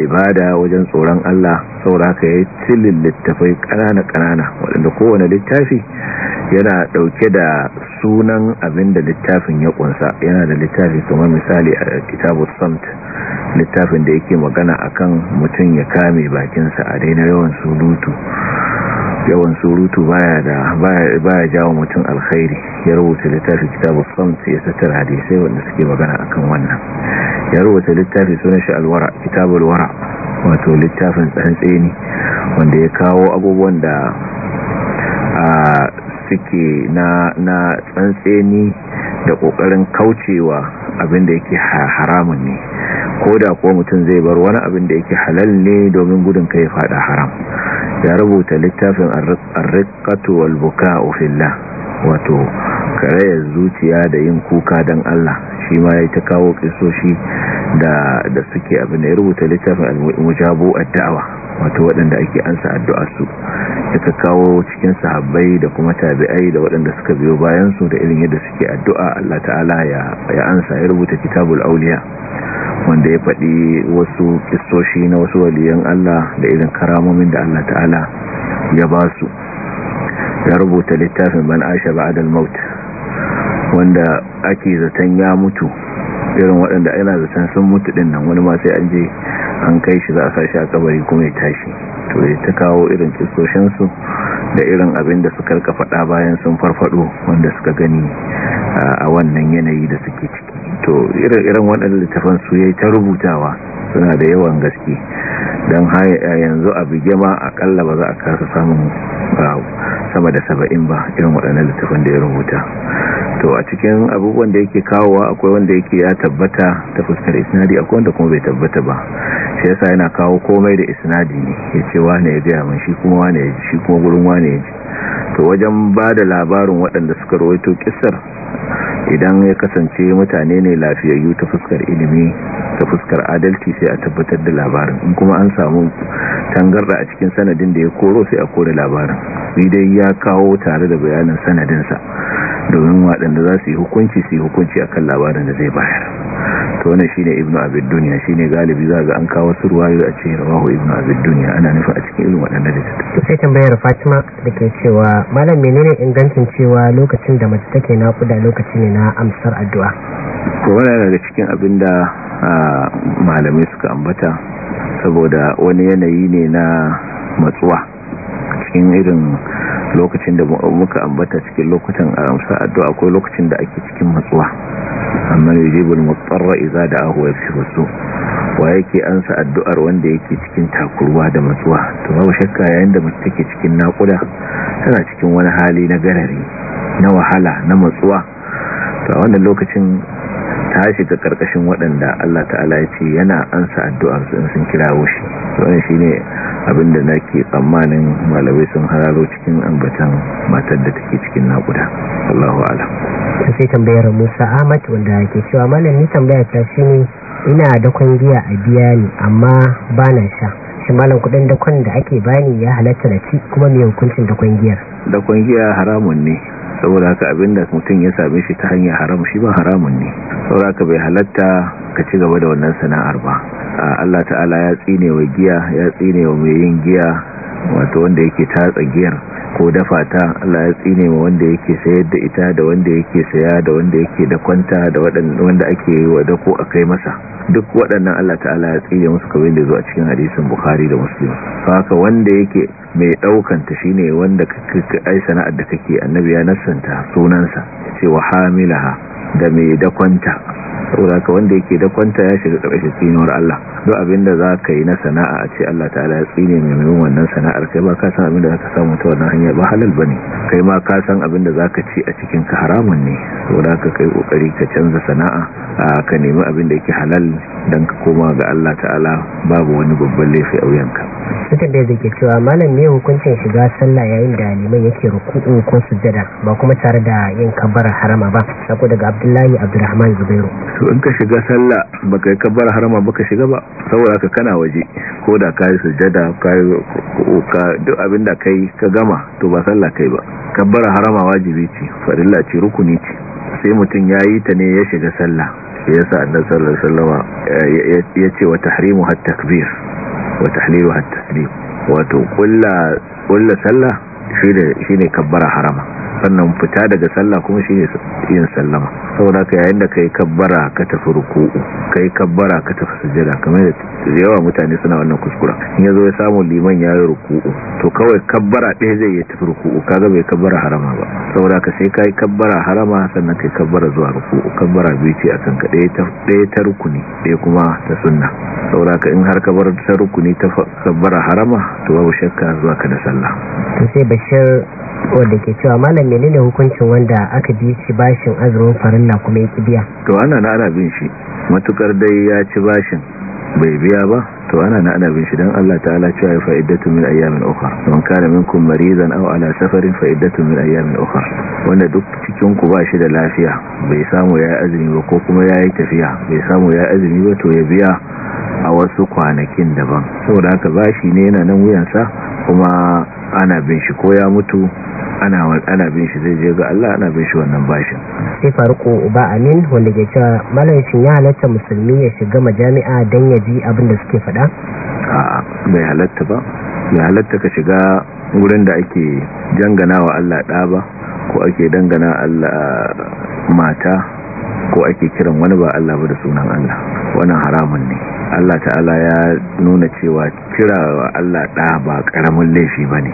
ibada wajen tsoron Allah sauraka ya yi tilin littafai ƙanana-ƙanana waɗanda kowane littafi yana ɗauke da sunan abin da littafin ya ƙunsa yana da littafi kamar misali a kitabu samt littafin da yake magana akan mutum ya kame bakinsa a daina yawan sulutu yawan surutu baya da jawo mutum alkhairi ya rubuta littafi kitabu samt ya tattara hadisai wanda suke magana akan wannan ya rubuta littafi sunan shi alwara kitabu wara wato littafin tsantseni wanda ya kawo abubuwan da a suke na na tsantseni da kokarin kaucewa abinda yake haramun ne ko da ko mutum zai bar wani abin da yake halal ne domin gudun kai fada haram ya rubuta littafin arrikatu wal buka'u fillah wato karayar zuciya da yin kuka don Allah shi ma ya ta kawo kisoshi da da suke abin da ya rubuta littafin al-mujabu ad-da'wa wato waɗanda ake ansa addu'a su ya kawo cikin sahabbai da kuma tabi'ai da waɗanda suka biyo bayan su da irin yadda suke addu'a Allah ta'ala ya ya ansa ya rubuta kitabul auliya wanda ya faɗi wasu kistoshi na wasu waliyan Allah da irin karamomin da Allah ta'ala ya ba su ya rubuta littafin ban aisha ba'adal maut wanda ake zaton ya mutu irin waɗanda ana zaton sun mutu ɗin nan wani ma sai an je an kai shi za a sashi a kabari kuma ya tashi to ya ta kawo irin kisoshinsu da irin abin da suka rika faɗa bayan sun farfado wanda suka gani a wannan yanayi da suke ciki to irin waɗanda littafansu su yi ta rubutawa suna da yawan gaske don eh, yanzu a bige ma akalla ba za a kasa samun sama da saba'in ba irin waɗannan littafin da ya rubuta to a cikin abubuwan da yake kawowa akwai wanda yake ya tabbata ta fuskar isnadi akwai wanda kuma bai tabbata ba shi yasa yana kawo komai da isnadi ne ya ce wane ya gaya min shi kuma wane ya ji shi kuma gurin wane ya ji to wajen ba da labarin waɗanda suka rawaito kisar idan ya kasance mutane ne lafiyayyu ta fuskar ilimi ta fuskar adalci sai a tabbatar da labarin in kuma an samu tangarda a cikin sanadin da ya koro sai a kore labarin ni dai ya kawo tare da bayanin sanadinsa domin waɗanda za su yi hukunci su yi hukunci akan labarin da zai bayar to wannan shine ibnu abid dunya shine galibi za ga an kawo surwayo a cikin rawahu ibnu abid dunya ana nufi a cikin irin waɗanda da to sai tambayar fatima da ke cewa malam menene ingancin cewa lokacin da mace take naƙuda lokaci ne na amsar addu'a ko wannan daga cikin abinda malamai suka ambata saboda wani yanayi ne na matsuwa cikin irin lokacin da muka ambata cikin lokutan ramsa addu'a akwai lokacin da ake cikin matsuwa amma yujibul mutsarra idza da'ahu fi wasu wa yake ansa addu'ar wanda yake cikin takurwa da matsuwa to babu shakka yayin da mutum take cikin nakuda tana cikin wani hali na garari na wahala na matsuwa to a wannan lokacin ta ga karkashin waɗanda Allah ta'ala ya ce yana ansa addu'ar su in sun kirawo shi wannan shine abin da nake tsammanin malamai sun hararo cikin ambatan matar da take cikin nakuda Allahu a'lam sai tambayar Musa Ahmad wanda ke cewa malam ni tambaya ta shine ina da giya a biya ne amma ba na sha shi malam kudin dakon da ake bani ya halatta da ci kuma mai hukuncin dakon giyar dakon giya haramun ne saboda haka abinda mutum ya same shi ta hanyar haram shi ba haramun ne saboda haka bai halatta ka ci gaba da wannan sana'ar ba Allah ta'ala ya tsine wa giya ya tsine wa mai yin giya wato wanda yake tatsa giyar ko dafa ta Allah ya tsine ma wanda yake sayar da ita da wanda yake saya da wanda yake da kwanta da wanda ake yi wa dako a kai masa duk waɗannan Allah ta'ala ya tsine musu kawai da zuwa cikin hadisin bukhari da muslim haka wanda yake mai ɗaukanta ta shine wanda kake ai sana'ar da kake annabi ya nassanta sunansa ce wa hamilaha da mai dakwanta saboda ka wanda yake dakwanta ya shiga ƙarshen tsinuwar Allah duk abinda za ka yi na sana'a a ce Allah ta'ala ya tsine mai mai wannan sana'ar kai ba ka san abinda za ka samu ta wannan hanyar ba halal ba ne kai ma ka san da za ka ci a cikin ka haramun ne saboda ka kai ƙoƙari ka canza sana'a ka nemi abin da yake halal don ka koma ga Allah ta'ala babu wani babban laifi a wuyanka masu da da ke cewa malam ne hukuncin shiga sallah yayin da neman yake ruku'u ko sujjada ba kuma tare da yin kabbar harama ba sako daga abdullahi Abdulrahman zubairu to in ka shiga sallah ba kai kabbar harama ba ka shiga ba saboda ka kana waje ko da ka yi sujjada ka yi ka duk abin da kai ka gama to ba sallah kai ba kabbar harama wajibi ce farilla ce rukuni ce sai mutum ya yi ta ne ya shiga sallah ya sa annabi sallallahu ya ce wa tahrimu hatta takbir وتحليلها التسليم وتقول كل كل سله شيء شيء كبره حرمه sannan fita daga sallah kuma shi ne yin sallama saboda ka yayin da yi kabbara ka tafi ruku'u yi kabbara ka tafi sujada kamar da yawa mutane suna wannan kuskura in ya zo ya samu liman ya yi ruku'u to kawai kabbara ɗaya zai yi tafi ruku'u kaga bai kabbara harama ba saboda ka sai yi kabbara harama sannan kai kabbara zuwa ruku'u kabbara biyu ce a ka ɗaya ɗaya ta rukuni ɗaya kuma ta sunna saboda ka in har kabbara ta rukuni ta kabbara harama to babu shakka zuwa ka da sallah wanda ke cewa malam menene hukuncin wanda aka bi shi bashin azumin na kuma ya biya. to ana na ana bin shi matukar dai ya ci bashin bai biya ba to ana na ana bin shi dan Allah ta'ala cewa ya fa'idatu min ayyamin ukhra man kana minkum maridan aw ala safarin fa'idatu min ayyamin ukhra wanda duk cikin ku ba shi da lafiya bai samu ya azumi ba ko kuma ya yi tafiya bai samu ya azumi ba to ya biya a wasu kwanakin daban saboda haka bashi ne yana nan wuyansa kuma ana bin shi ko ya mutu ana ana bin shi zai je ga Allah ana bin shi wannan bashin sai faruku ba amin wanda ke cewa malamin ya halatta musulmi ya shiga majami'a dan ya ya suke faɗa a bai halatta ba bai halatta ka shiga wurin da ake jangana wa Allah ɗa ba ko ake dangana Allah mata ko ake kiran wani ba Allah ba da sunan Allah wannan haramun ne Allah ta'ala ya nuna cewa kira wa Allah ɗa ba ƙaramin laifi ba ne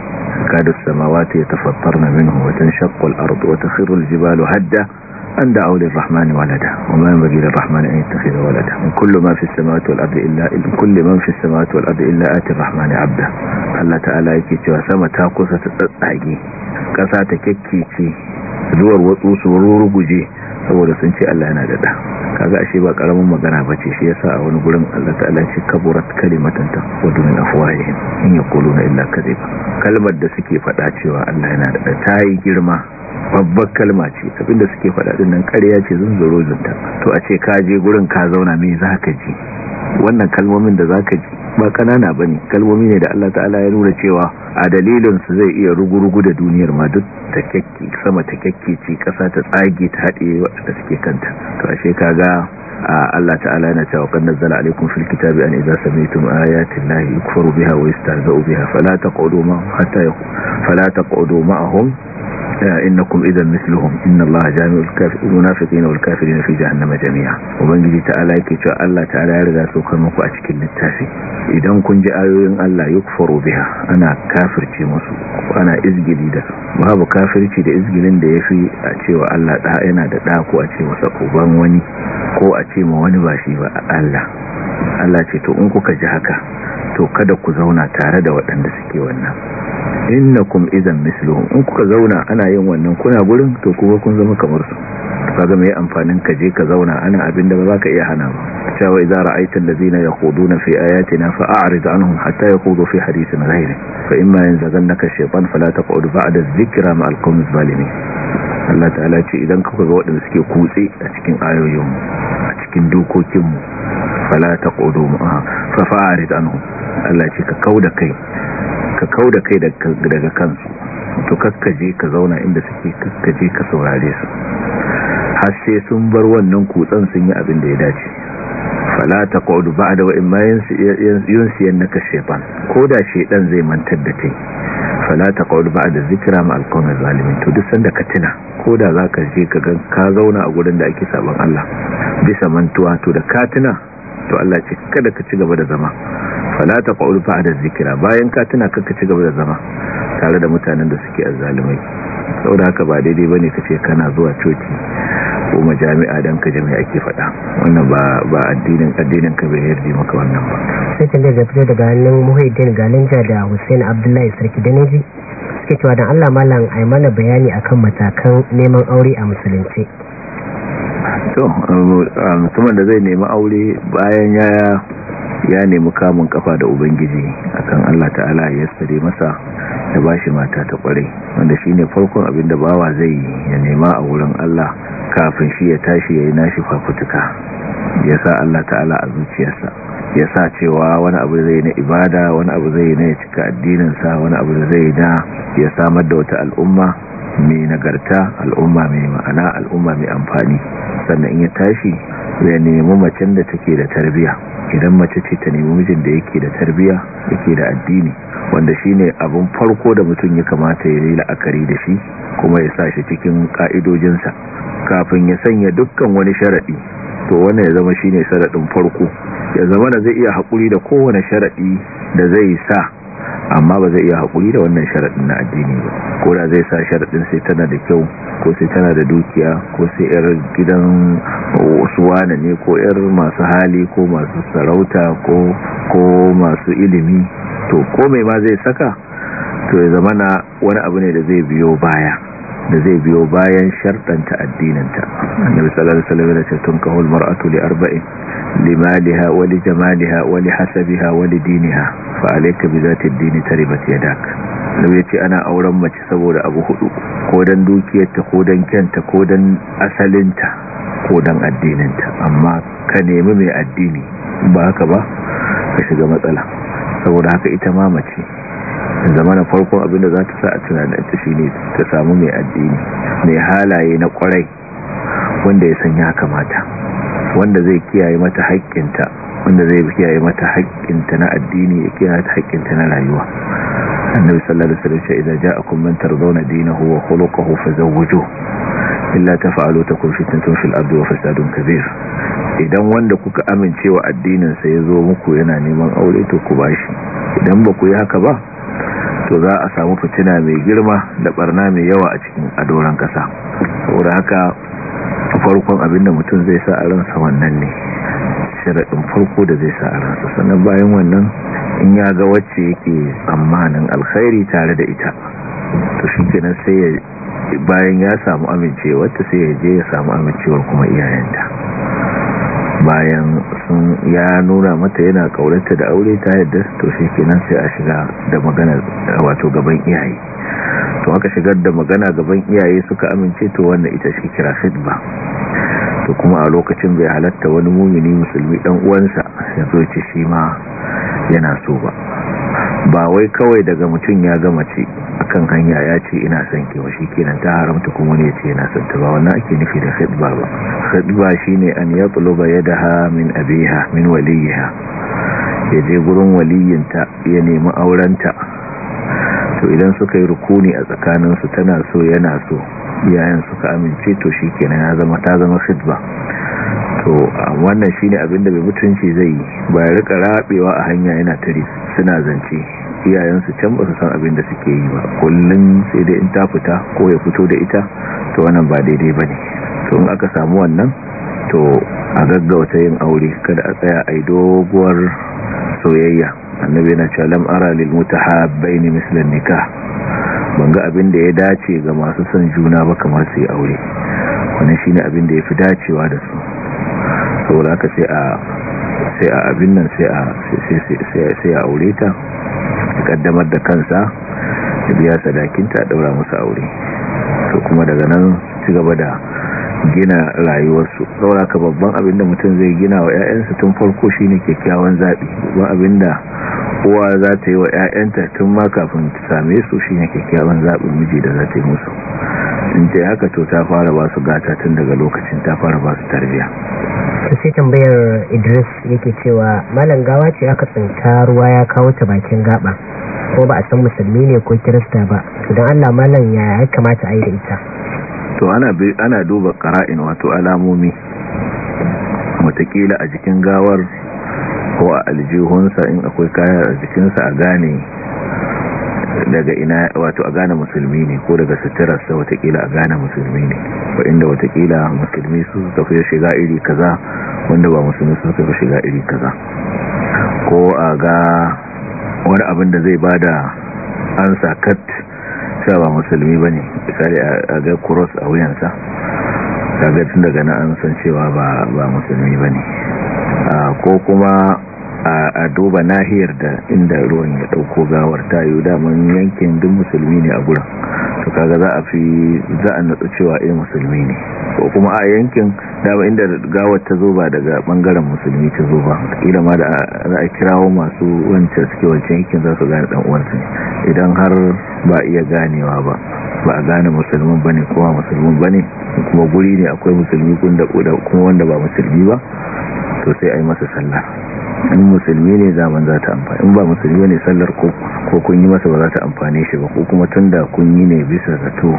kada samawati ya tafattar na minhu watan shakkul ardu wata khirul jibalu hadda أن دعوا للرحمن ولدا وما ينبغي للرحمن أن يتخذ ولدا من كل ما في السماوات والأرض إلا من كل من في السماوات والأرض إلا آتي الرحمن عبدا الله تعالى yake cewa sama ta kusa ta tsatsage ƙasa ta kekkece zuwar watsu su ruruguje saboda sun kaga ashe ba karamin magana ba ce shi yasa a wani gurin Allah ta'ala ce kaburat kalimatan wadu min afwahihim in yaquluna illa ba kalmar da suke fada cewa Allah yana da tayi girma babbar kalma ce abinda suke fada din nan ƙarya ce zunta to a ce ka je gurin ka zauna me ka ji wannan kalmomin da zaka ji ba kanana bane kalmomi ne da Allah ta'ala ya nuna cewa a dalilin su zai iya rugurugu da duniyar ma duk ta sama ta kekki ci kasa ta tsage ta hade wadanda suke kanta to ashe kaga Allah ta'ala yana cewa kan nazzala alaikum fil kitabi an idza sami'tum ayatin lahi yukfaru biha wa yastahza'u biha fala taq'udu ma hatta fala taq'udu ma'ahum innakum idan misluhum inna allaha jami'ul munafiqina wal kafirina fi jahannama jami'a ubangiji ta'ala yake cewa Allah ta'ala ya riga sokar muku a cikin littafi idan kun ji ayoyin Allah yukfaru biha ana kafirce musu ana izgili da babu kafirci da izgilin da yafi a cewa Allah da yana da da ko a ce masa uban wani ko a ce ma wani ba shi ba Allah Allah ce to in kuka ji haka to kada ku zauna tare da waɗanda suke wannan innakum idan misluhum in kuka zauna ana yin wannan kuna gurin to kuma kun zama kamar su kaga mai amfanin ka je ka zauna ana abin da ba ka iya hana ba cewa idza ra'aita allazina yakhuduna fi ayatina fa'rid anhum hatta yakhudu fi hadithin ghayri fa imma yanzaghannaka shaytan fala taq'ud ba'da adh-dhikra ma'al qawmiz zalimin Allah ta'ala ce idan kuka ga waɗanda suke kutse a cikin ayoyin a cikin dokokin mu fala taq'udu ma'a fa fa'rid anhum Allah ce ka kauda kai ka kau da kai daga kansu to kakkaje ka zauna inda suke kakkaje ka saurare su har sai sun bar wannan kutsan sun yi abin da ya dace fala ta kwadu ba da wa'in ma siyan na kashefan ko da dan zai mantar da kai fala ta kwadu ba da zikira ma alkawar zalimin to duk sanda ka tuna ko da za ka je ka gan ka zauna a gurin da ake sabon allah bisa mantuwa to da ka tuna to allah ce kada ka ci gaba da zama fala ta ƙa'udu fa'ada zikira bayan ka tana kaka ci gaba da zama tare da mutanen da suke azzalumai sau da haka ba daidai ba ne ka ce kana zuwa coci ko majami'a don ka jami'a ake faɗa wannan ba addinin addinin ka bai yarda maka wannan ba sai kan da fito daga hannun muhaiddin ganinja da hussein abdullahi sarki daneji suke cewa don allah malam ai mana bayani akan matakan neman aure a musulunci to um, um, mutumin da zai nemi aure bayan ya ya nemi kamun kafa da ubangiji akan Allah ta'ala ya tsare masa da ba shi mata ta kware wanda shine farkon abin da bawa zai ya nema a wurin Allah kafin shi ya tashi yayin nashi fafutuka ya sa Allah ta'ala a zuciyarsa ya sa cewa wani abu zai na ibada wani abu zai na ya cika addininsa wani abu zai na ya samar da wata al'umma mai nagarta al'umma mai ma'ana al'umma mai amfani sannan in ya tashi ya nemi macen da take da tarbiya idan mace ce ta nemi mijin da yake da tarbiya yake da addini wanda shine abin farko da mutum ya kamata ya yi la'akari da shi kuma ya sa shi cikin ka'idojinsa kafin ya sanya dukkan wani sharaɗi to wannan ya zama shine sharaɗin farko ya zama da zai iya haƙuri da kowane sharaɗi da zai sa amma ba zai iya haƙuri da wannan sharaɗin na addini ba ko da zai sa sharaɗin sai tana da kyau ko sai tana da dukiya ko sai yar gidan wasuwa na ne ko yar masu hali ko masu sarauta ko masu ilimi to mai ma zai saka to ya zama na wani abu ne da zai biyo baya da zai biyo bayan shartanta addininta annabi sallallahu alaihi wasallam ya ce kahul mar'atu li arba'in limaliha wa jamaliha wa hasabiha wa diniha fa alayka bi zati ad-din taribat yadak annabi ya ce ana auren mace saboda abu hudu ko dan dukiyarta ko dan kyanta ko dan asalinta ko dan addininta amma ka nemi mai addini ba haka ba ka shiga matsala saboda haka ita ma mace zamana farko abinda za ta sa a tunaninta shi ne ta samu mai addini mai halaye na kwarai wanda ya san ya kamata wanda zai kiyaye mata haƙƙinta wanda zai kiyaye mata haƙƙinta na addini ya kiyaye mata haƙƙinta na rayuwa annabi sallallahu alaihi wasallam ce a ja'akum man tardawna dinahu wa khuluquhu fazawwijuhu illa tafa'alu takun fitnatun fil ardi wa fasadun kabir idan wanda kuka amincewa addinin sa yazo muku yana neman aure to ku bashi idan ba ku yi haka ba to za a samu fitina mai girma da barna mai yawa a cikin adoran kasa saboda haka farkon abinda mutum zai sa a ransa wannan ne sharaɗin farko da zai sa a ransa sannan bayan wannan in ya ga wacce yake tsammanin alkhairi tare da ita to shi kenan sai ya bayan ya samu amincewa ta sai ya je ya samu amincewar kuma iyayenta bayan sun ya nuna mata yana kaurata da aure ta yadda to shi kenan sai a shiga da magana wato gaban iyaye to aka shigar da magana gaban iyaye suka amince to wannan ita shi kira khidba to kuma a lokacin bai halatta wani mumini musulmi dan uwansa ya zo ce shi ma yana so ba ba wai kawai daga mutum ya gama ce akan hanya ya ce ina son kewa shi kenan ta haramta kuma ne ce yana son ta ba wannan ake nufi da khidba ba khidba shine an ya da ha min abiha min waliyiha ya je gurin waliyinta ya nemi aurenta to idan suka yi rukuni a tsakaninsu tana so yana so iyayen suka amince to shi kenan ya zama ta zama khidba to wannan shi shine abinda mai mutunci zai yi ba ya rika rabewa a hanya yana tarihi suna zance iyayensu can ba su san abin da suke yi ba kullum sai dai in ta fita ko ya fito da ita to wannan ba daidai ba ne to in aka samu wannan to a gaggauta yin aure kada a tsaya a yi doguwar soyayya annabi na cewa lam ara lil mutahabbaini mislan nikah ban ga abin da ya dace ga masu son juna ba kamar su yi aure wannan shine abin da yafi dacewa da su saboda haka sai a sai a abin nan sai a aure ta kaddamar da kansa da biya sadakinta a daura musu aure to kuma daga nan ci gaba da gina rayuwarsu saura ka babban abin da mutum zai gina wa 'ya'yansa tun farko shi ne kyakkyawan zaɓi babban abin da kowa za ta yi wa 'ya'yanta tun ma kafin same su shi ne kyakkyawan zaɓin miji da za ta yi musu in ce haka to ta fara ba su gata tun daga lokacin ta fara ba su tarbiya su sai tambayar idris yake cewa malam gawa ce aka tsinta ruwa ya kawo ta bakin gaba ko ba a san musulmi ne ko kirista ba don allah malam ya ya kamata a yi da ita to ana duba kara'in wato alamomi matakila a jikin gawar ko a aljihunsa in akwai kaya a jikinsa a gane daga ina wato a gane musulmi ne ko daga sai watakila a gane musulmi ne ba inda watakila musulmi su tafiye shiga iri kaza wanda ba musulmi su tafiye shiga iri kaza ko a ga wani abin da zai bada an sakat cewa ba musulmi ba ne misali a ga kuros a wuyansa tun daga na an san cewa ba musulmi ba ne ko kuma a duba nahiyar da inda ruwan ya dauko gawar ta yi daman yankin duk musulmi ne a gurin to kaga za a fi za a natsu cewa eh musulmi ne ko kuma a yankin dama inda gawar ta zo ba daga bangaren musulmi ta zo ba kila ma da za a kirawo masu wancan suke wancan yankin za su gane dan uwansu idan har ba iya ganewa ba ba a gane musulmin bane ko ba musulmin bane kuma guri ne akwai musulmi kun da kuma wanda ba musulmi ba to sai a yi masa sallah in musulmi ne zaman za ta amfani in ba musulmi ne sallar ko kun yi masa ba za ta amfani shi ba ko kuma tun da kun yi ne bisa zato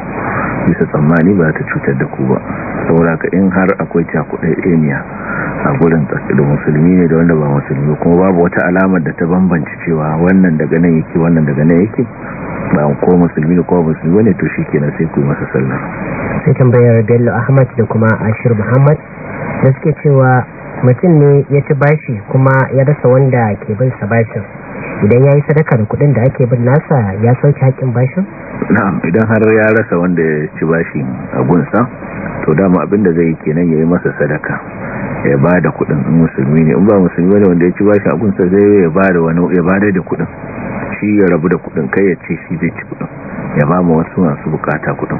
bisa tsammani ba ta cutar da ku ba sauraka in har akwai eniya a gurin tsakilin musulmi ne da wanda ba musulmi kuma babu wata alamar da ta bambanci cewa wannan daga nan yake wannan daga nan yake ba ko musulmi ko musulmi ne to shikenan sai ku yi masa sallar. sai tambayar Bello Ahmad da kuma Ashir Muhammad da suke cewa mutum ne ya ci bashi kuma ya rasa wanda ke bin sa bashin idan ya yi sadaka da kudin da ake bin nasa ya sauke haƙƙin bashin? na'am idan har ya rasa wanda ya ci bashin a to dama abinda zai yi kenan ya yi masa sadaka ya ba da kudin musulmi ne in ba musulmi wani wanda ya ci bashin a gunsa zai ya ba da ya da kudin shi ya rabu da kudin kai ya ce shi zai ci kudin ya ba mu wasu masu bukata kudin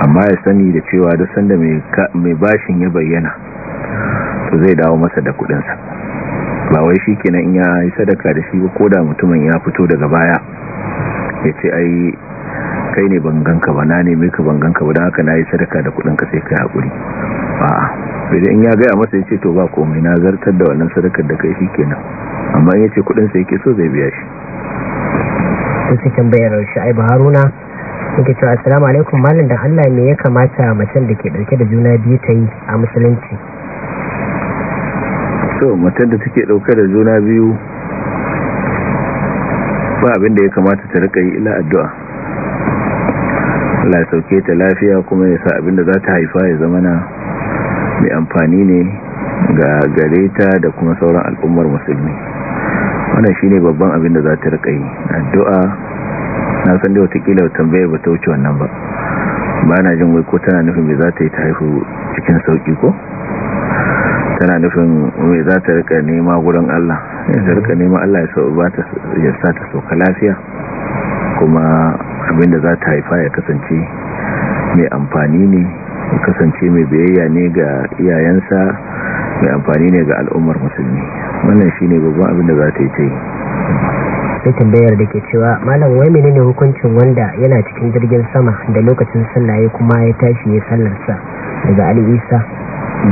amma ya sani da cewa duk sanda mai bashin ya bayyana to zai dawo masa da kudinsa ba wai shi kenan in ya yi sadaka da shi ko da mutumin ya fito daga baya ya ce ai kai ne banganka ba na neme ka banganka ba don haka na yi sadaka da kudinka sai kai haƙuri a'a sai in ya gaya masa ya ce to ba komai na zartar da wannan sadakar da kai shi kenan amma ya ce kudinsa yake so zai biya shi ta cikin bayanar ba haruna yake cewa assalamu alaikum malam da allah me ya kamata macen da ke dauke da juna biyu ta yi a musulunci to matar da take dauke da juna biyu ba abin da ya kamata ta rika yi ila addu'a Allah ya sauke ta lafiya kuma ya sa abin da za ta haifa ya zama na mai amfani ne ga gareta da kuma sauran al'ummar musulmi wannan shine babban abin da za ta rika yi addu'a na san da watakila tambaya ba ta wuce wannan ba ba na jin wai ko tana nufin bai za ta yi ta haihu cikin sauki ko tana nufin mai za ta rika nema gurin Allah ya ta rika nema Allah ya sa ta sauka lafiya kuma abinda za ta haifa ya kasance mai amfani ne ya kasance mai biyayya ne ga iyayensa mai amfani ne ga al'ummar musulmi wannan shi ne babban abinda za ta yi ta yi sai tambayar da ke cewa malam wai menene hukuncin wanda yana cikin jirgin sama da lokacin sallah kuma ya tashi ya sallarsa daga al'isa.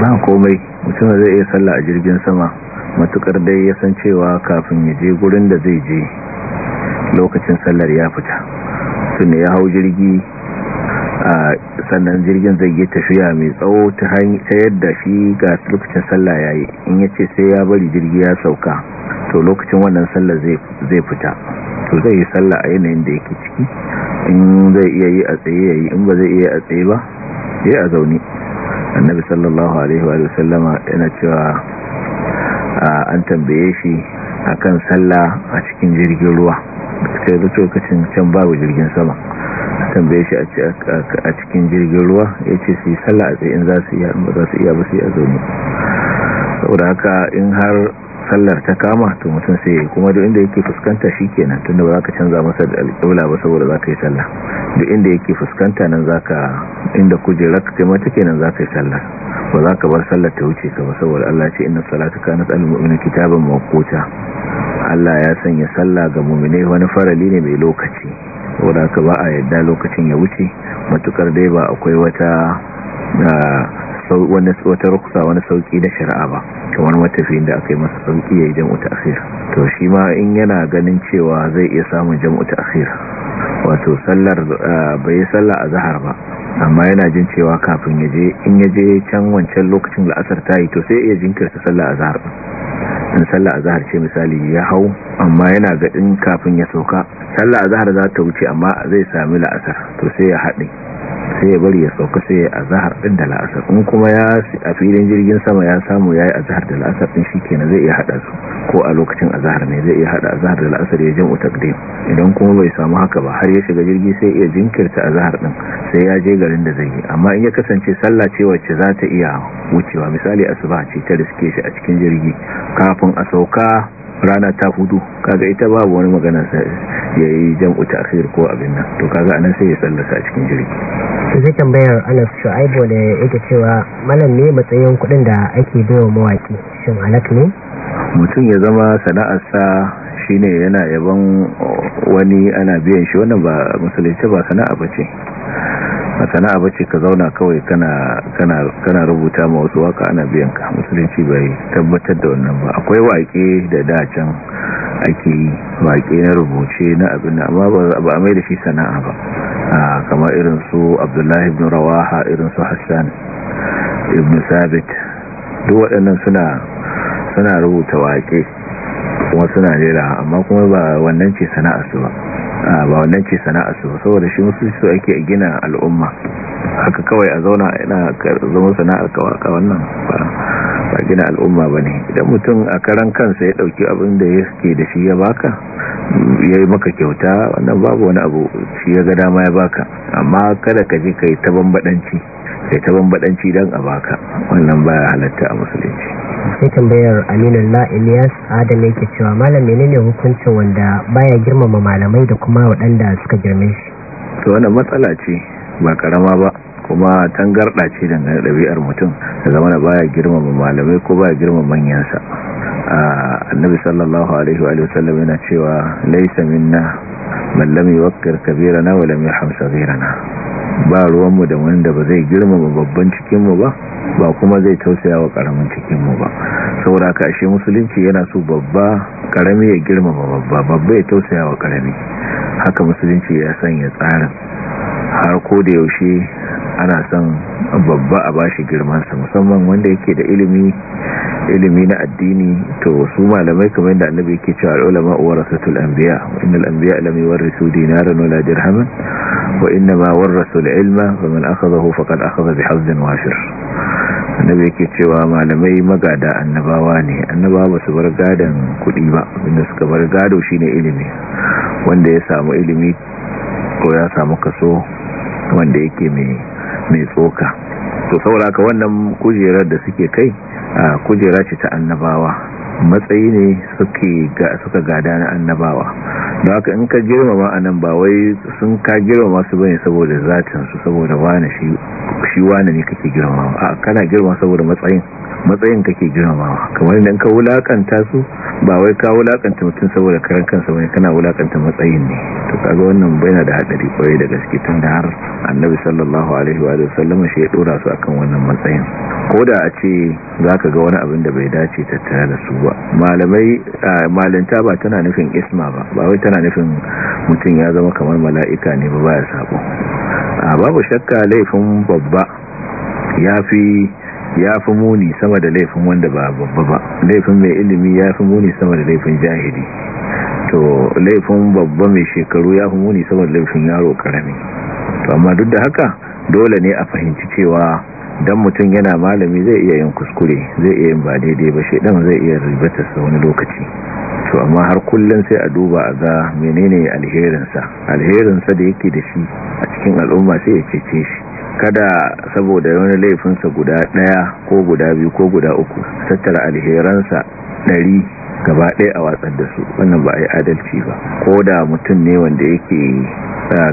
ba komai mutum zai iya sallah a jirgin sama matukar dai ya san cewa kafin ya je gurin da zai je lokacin sallar ya fita tun ya hau jirgi a sannan jirgin zai yi tafiya mai tsawo ta yadda shi ga lokacin sallah ya yi in ya ce sai ya bari jirgi ya sauka to lokacin wannan sallar zai fita to zai yi sallah a yanayin da yake ciki in zai iya yi a tsaye ya yi in ba zai iya a tsaye ba ya a zaune annabi sallallahu alaihi wa sallama yana cewa an tambaye shi akan sallah a cikin jirgin ruwa sai da lokacin can babu jirgin sama tambaye shi a cikin jirgin ruwa ya ce su yi sallah a tsayin za su iya ba su iya ba yi a saboda haka in har sallar ta kama to mutum sai kuma duk inda yake fuskanta shikenan tunda ba za ka canza masa da alƙawla ba saboda za ka yi sallah duk inda yake fuskanta nan za ka inda kujerar ka taimata kenan za ka yi sallah ba za ka bar sallar ta wuce ka ba saboda Allah ce inna salata kanat al-mu'minu kitaban mawquta Allah ya sanya sallah ga mu'mine wani farali ne mai lokaci saboda ka ba a yadda lokacin ya wuce matukar dai ba akwai wata ah, wani wata wani sauki da shari'a ba kamar matafiyin da aka yi masa sauki ya yi jam'u to shi ma in yana ganin cewa zai iya samun jam'u asir wato sallar bai yi sallah a zahar ba amma yana jin cewa kafin ya je in ya je can wancan lokacin la'asar ta yi to sai iya jinkirta sallah a zahar in sallah a zahar ce misali ya hau amma yana ga in kafin ya sauka sallah a zahar za ta wuce amma zai sami la'asar to sai ya haɗe sai ya bari ya sauka sai ya azahar din da la'asar in kuma ya a filin jirgin sama ya samu ya yayi azahar da la'asar din kenan zai iya hada su ko a lokacin azahar ne zai iya hada azahar da la'asar ya jam'u dai idan kuma bai samu haka ba har ya shiga jirgi sai iya jinkirta azahar din sai ya je garin da zai yi amma in ya kasance sallah ce wacce za ta iya wucewa misali asuba ce ta riske shi a cikin jirgi kafin a sauka rana ta hudu kaga ita babu wani magana ya yi jam'u ta akhir ko abin nan to kaga anan sai ya tsallasa cikin jirgi to zai tambayar anas shu'aibu da yake cewa malam ne matsayin kuɗin da ake bayar mawaki shin halak ne mutum ya zama sana'ar sa shine yana yaban wani ana biyan shi wannan ba musulunci ba sana'a bace a sana'a ba ce ka zauna kawai kana rubuta ma wasu waka ana biyan ka musulunci bai tabbatar da wannan ba akwai waƙe da dacen ake yi waƙe na rubuce na abin da amma ba a mai da shi sana'a ba ah, kamar irin su abdullahi ibn rawaha irin su hassan ibn sabit duk waɗannan suna rubuta waƙe kuma suna nera amma kuma ba wannan ce sana'a su ba Ah, ba wannan ce sana'ar su saboda shi musu su ake gina al'umma haka kawai a zauna ina zama sana'ar kawaka wannan ba gina al'umma ba ne idan mutum a karan kansa ya ɗauki abin da ya suke da shi ya baka ya yi maka kyauta wannan babu wani abu shi ya ga dama ya baka amma kada ka je ka yi ta bambaɗanci kai ta bambadanci don a baka wannan baya halatta a musulunci sai tambayar aminullah iliyas Adana yake cewa malam ne hukuncin wanda baya girmama malamai da kuma waɗanda suka girme shi to wani matsala ce ba karama ba kuma tangarɗa ce dangane ɗabi'ar mutum da zama da baya girmama malamai ko baya girmama manyansa annabi sallallahu alaihi wa sallam yana cewa laisa minna man lam yuwakkir kabirana wa lam yarham ba ruwanmu da wanda ba zai girmama babban cikinmu ba ba kuma zai tausaya wa karamin cikinmu ba saboda ka ashe musulunci yana so babba karami ya girmama babba babba ya tausaya wa karami haka musulunci ya sanya tsarin har ko da yaushe ana son babba a bashi girmansa musamman wanda yake da ilimi ilimi na addini to su malamai kamar da annabi yake cewa ulama warasatul anbiya innal anbiya lam yuwarrisu dinaran wala dirhaman wa inma warasu al-ilma faman akhadhahu faqad akhadha bihazzin wafir annabi yake cewa malamai magada annabawa ne annabawa ba su bar gadon kuɗi ba inda suka bar gado shine ilimi wanda ya samu ilimi ko ya samu kaso wanda yake mai tsoka to saboda haka wannan kujerar da suke kai a kujera ce ta annabawa matsayi ne suka gada na annabawa da haka in ka girmama a nan ba wai sun ka girmama su bane saboda su saboda wane shi wane ne kake girmama a kana girma saboda matsayin matsayin kake girmamawa kamar idan ka wulakanta su ba wai ka wulakanta mutum saboda karan kansa bane kana wulakanta matsayin ne to kaga wannan bai na da haɗari kwarai da gaske tun da har annabi sallallahu alaihi wa sallam shi ya dora su akan wannan matsayin ko da a ce za ka ga wani abin da bai dace tattare da su ba malamai malinta ba tana nufin isma ba ba wai tana nufin mutum ya zama kamar mala'ika ne ba ya sabo babu shakka laifin babba ya fi ya fi muni sama da laifin wanda ba babba ba laifin mai ilimi ya fi muni sama da laifin jahili to laifin babba mai shekaru ya fi muni sama da laifin yaro karami to amma duk da haka dole ne a fahimci cewa dan mutum yana malami zai iya yin kuskure zai iya yin ba daidai ba shedan zai iya ribata sa wani lokaci to amma har kullun sai a duba a ga menene alherinsa alherinsa da yake da shi a cikin al'umma sai ya cece shi kada saboda wani laifinsa guda ɗaya ko guda biyu ko guda uku tattara alheransa ɗari gaba ɗaya a watsar da su wannan ba a yi adalci ba ko da mutum ne wanda yake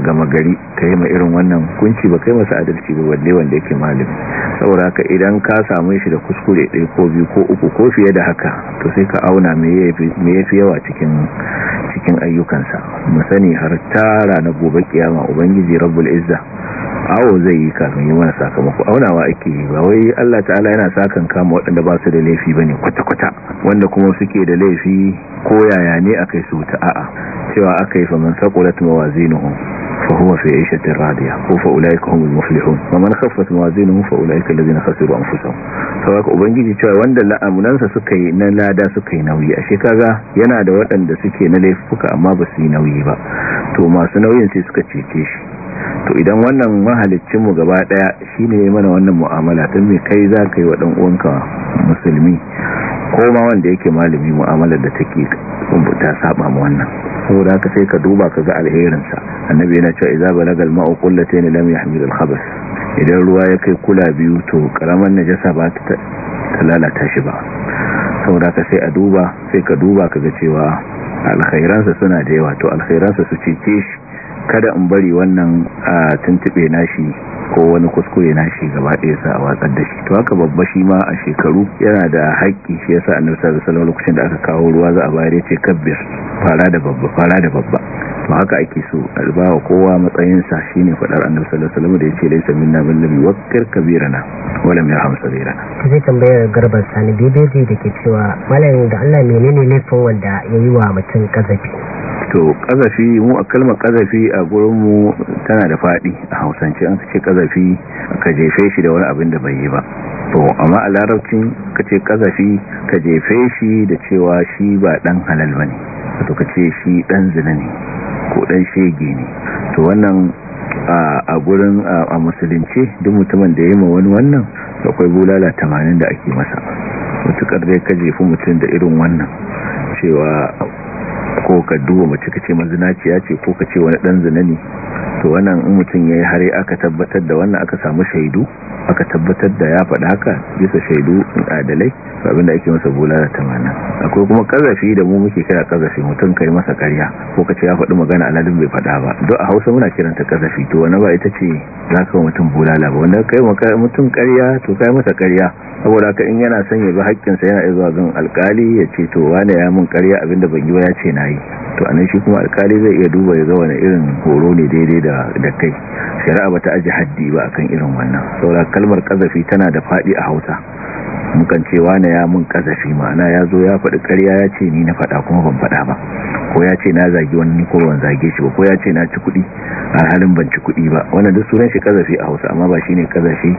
gama gari ka yi ma irin wannan kunci ba kai masa adalci ba wanda wanda yake malami saboda ka idan ka samu shi da kuskure ɗaya ko biyu ko uku ko fiye da haka to sai ka auna me ya fi yawa cikin cikin ayyukansa mu sani har tara na gobe kiyama ubangiji rabbul izza awo zai yi kafin yi mana sakamako aunawa ake yi ba wai Allah ta'ala yana sakan kama waɗanda ba su da laifi ne kwata-kwata wanda kuma suke da laifi ko yaya ne akai su a'a cewa yi fa man saqulat mawazinuhu fa huwa fi 'ishatin radiya ko fa ulaika humul muflihun wa man khaffat mawazinuhu fa ulaika alladhina khasiru anfusahum saboda ubangiji cewa wanda la'amunansa suka yi na lada suka yi nauyi ashe kaga yana da waɗanda suke na laifuka amma ba su yi nauyi ba to masu nauyin sai suka cece shi to idan wannan mahalicin mu gaba daya shine ya mana wannan mu'amala tun me kai za ka yi wa dan uwanka musulmi ko ma wanda yake malami mu'amalar da take ta saba mu wannan saboda ka sai ka duba ka ga alherin sa annabi yana cewa idza balagal ma'u qullatayn lam yahmil al-khabath idan ruwa ya kai kula biyu to karaman najasa ba ta lalata shi ba saboda ka sai a duba sai ka duba ka ga cewa alkhairansa suna da yawa to alkhairansa su cece shi kada in bari wannan tuntube nashi ko wani kuskure nashi gaba ɗaya sa a watsar da shi to haka babba shi ma a shekaru yana da haƙƙi shi yasa annabi sallallahu alaihi wasallam lokacin da aka kawo ruwa za a bayar ya ce kabbir fara da babba fara da babba to haka ake so albawa kowa matsayin sa shine fadar annabi sallallahu alaihi wasallam da yace laysa minna man lam yuwakkir kabirana wa lam yarham sabirana to sai tambayar garbar sani bebeji ke cewa malamin da Allah menene laifin wanda yayi wa mutum kazafi to kazafi mu a kalmar kazafi a a gurinmu tana da faɗi a hausance an ce kazafi ka jefe shi da wani abin da bai yi ba to amma a larabcin ka ce kazafi ka jefe shi da cewa shi ba ɗan halal ba ne to ka ce shi ɗan zina ne ko dan shege ne to wannan a gurin a musulunci duk mutumin da ya yi ma wani wannan akwai bulala tamanin da ake masa mutukar dai ka jefi mutum da irin wannan cewa ko ka duba mace ka ce mazinaciya ce ko ka ce wani dan zina ne to wannan in mutum yayi hare aka tabbatar da wannan aka samu shaidu aka tabbatar da ya faɗa haka bisa shaidu adalai abin abinda ake masa bulala ta tamanin akwai kuma kazafi da mu muke kira kazafi mutum kai masa karya ko kace ya faɗi magana alalin bai faɗa ba don a Hausa muna kiran ta kazafi to wannan ba ita ce za wa mutum bulala ba wanda kai maka mutum karya to kai masa karya saboda ka in yana son ya bi haƙƙinsa yana zuwa gan alƙali ya ce to wane ya mun karya abinda ban yi ba ya ce nayi to anan shi kuma alkali zai iya duba ya ga wani irin horo ne daidai da kai shari'a bata aji haddi ba akan irin wannan saura kalmar kazafi tana da faɗi a Hausa mukan cewa na ya mun kazafi ma'ana ya zo ya faɗi ƙarya ya ce ni na faɗa kuma ban faɗa ba ko ya ce na zagi wani ko ban zage shi ba ko ya ce na ci kuɗi a halin ban ci kuɗi ba wannan duk suran shi kazafi a Hausa amma ba shi ne kazafi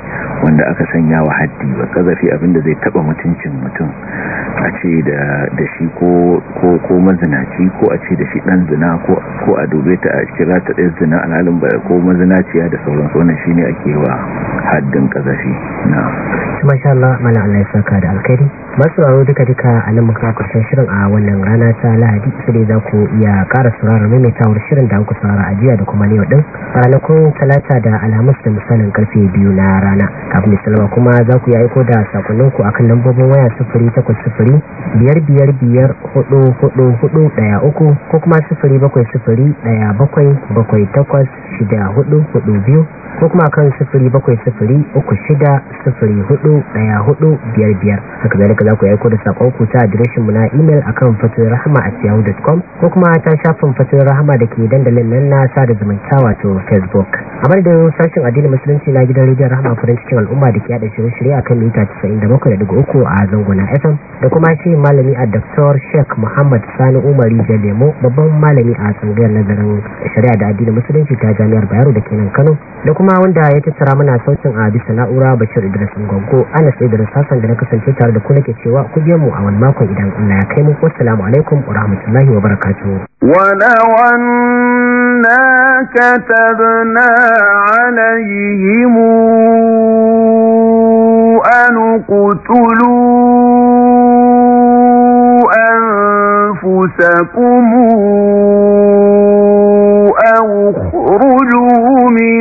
wanda aka sanya wa haddi ba kazafi abinda zai taba mutuncin mutum a ce da shi ko ko mazinaci ko a ce da shi dan zina ko a dube ta a kira ta ɗaya zina a halin ba ko mazinaciya da sauran sunan shine ake wa haddin kazafi na masha Allah Allah saka da alkhairi masu raro duka-duka a nan muka kusan shirin a wannan rana ta lahadi su sai za ku iya ƙara sauraron maimaitawar shirin da ku saurara a jiya da kuma ne waɗin ranakun talata da alhamis da misalin karfe biyu na rana kafin salama kuma za ku yi aiko da sakonninku akan lambobin waya sufuri takwas sufuri biyar biyar biyar hudu hudu hudu daya uku ko kuma sufuri bakwai sufuri daya bakwai bakwai takwas shida hudu hudu biyu ko kuma kan sifiri bakwai sifiri uku shida sifiri hudu daya hudu biyar biyar haka da rika za ku aiko da sakonku ta adireshin mu na imel akan fatin rahama a yahoo.com ko kuma ta shafin fatin rahama da ke dandalin nan na sada zumunta wato facebook a madadin sashen addinin musulunci na gidan rediyon rahama furen cikin al'umma da ke yada shirye-shirye a kan mita tisa'in da da uku a zanguna fm da kuma shi malami a dr sheikh muhammad sani umari lemo babban malami a tsangayar nazarin shari'a da addinin musulunci ta jami'ar bayero da ke nan kano da kuma wanda ya tattara mana sautin a bisa na'ura bashir idris ngwanko anas idris hassan da na kasance tare da kuna ke cewa ku biyan mu a wani makon idan allah ya kai mu wassalamu alaikum wa rahmatullahi wa barakatu ولو كتبنا أو خرجوا من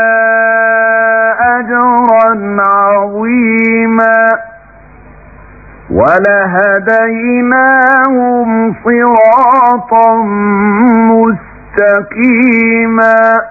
عظيما ولهديناهم صراطا مستقيما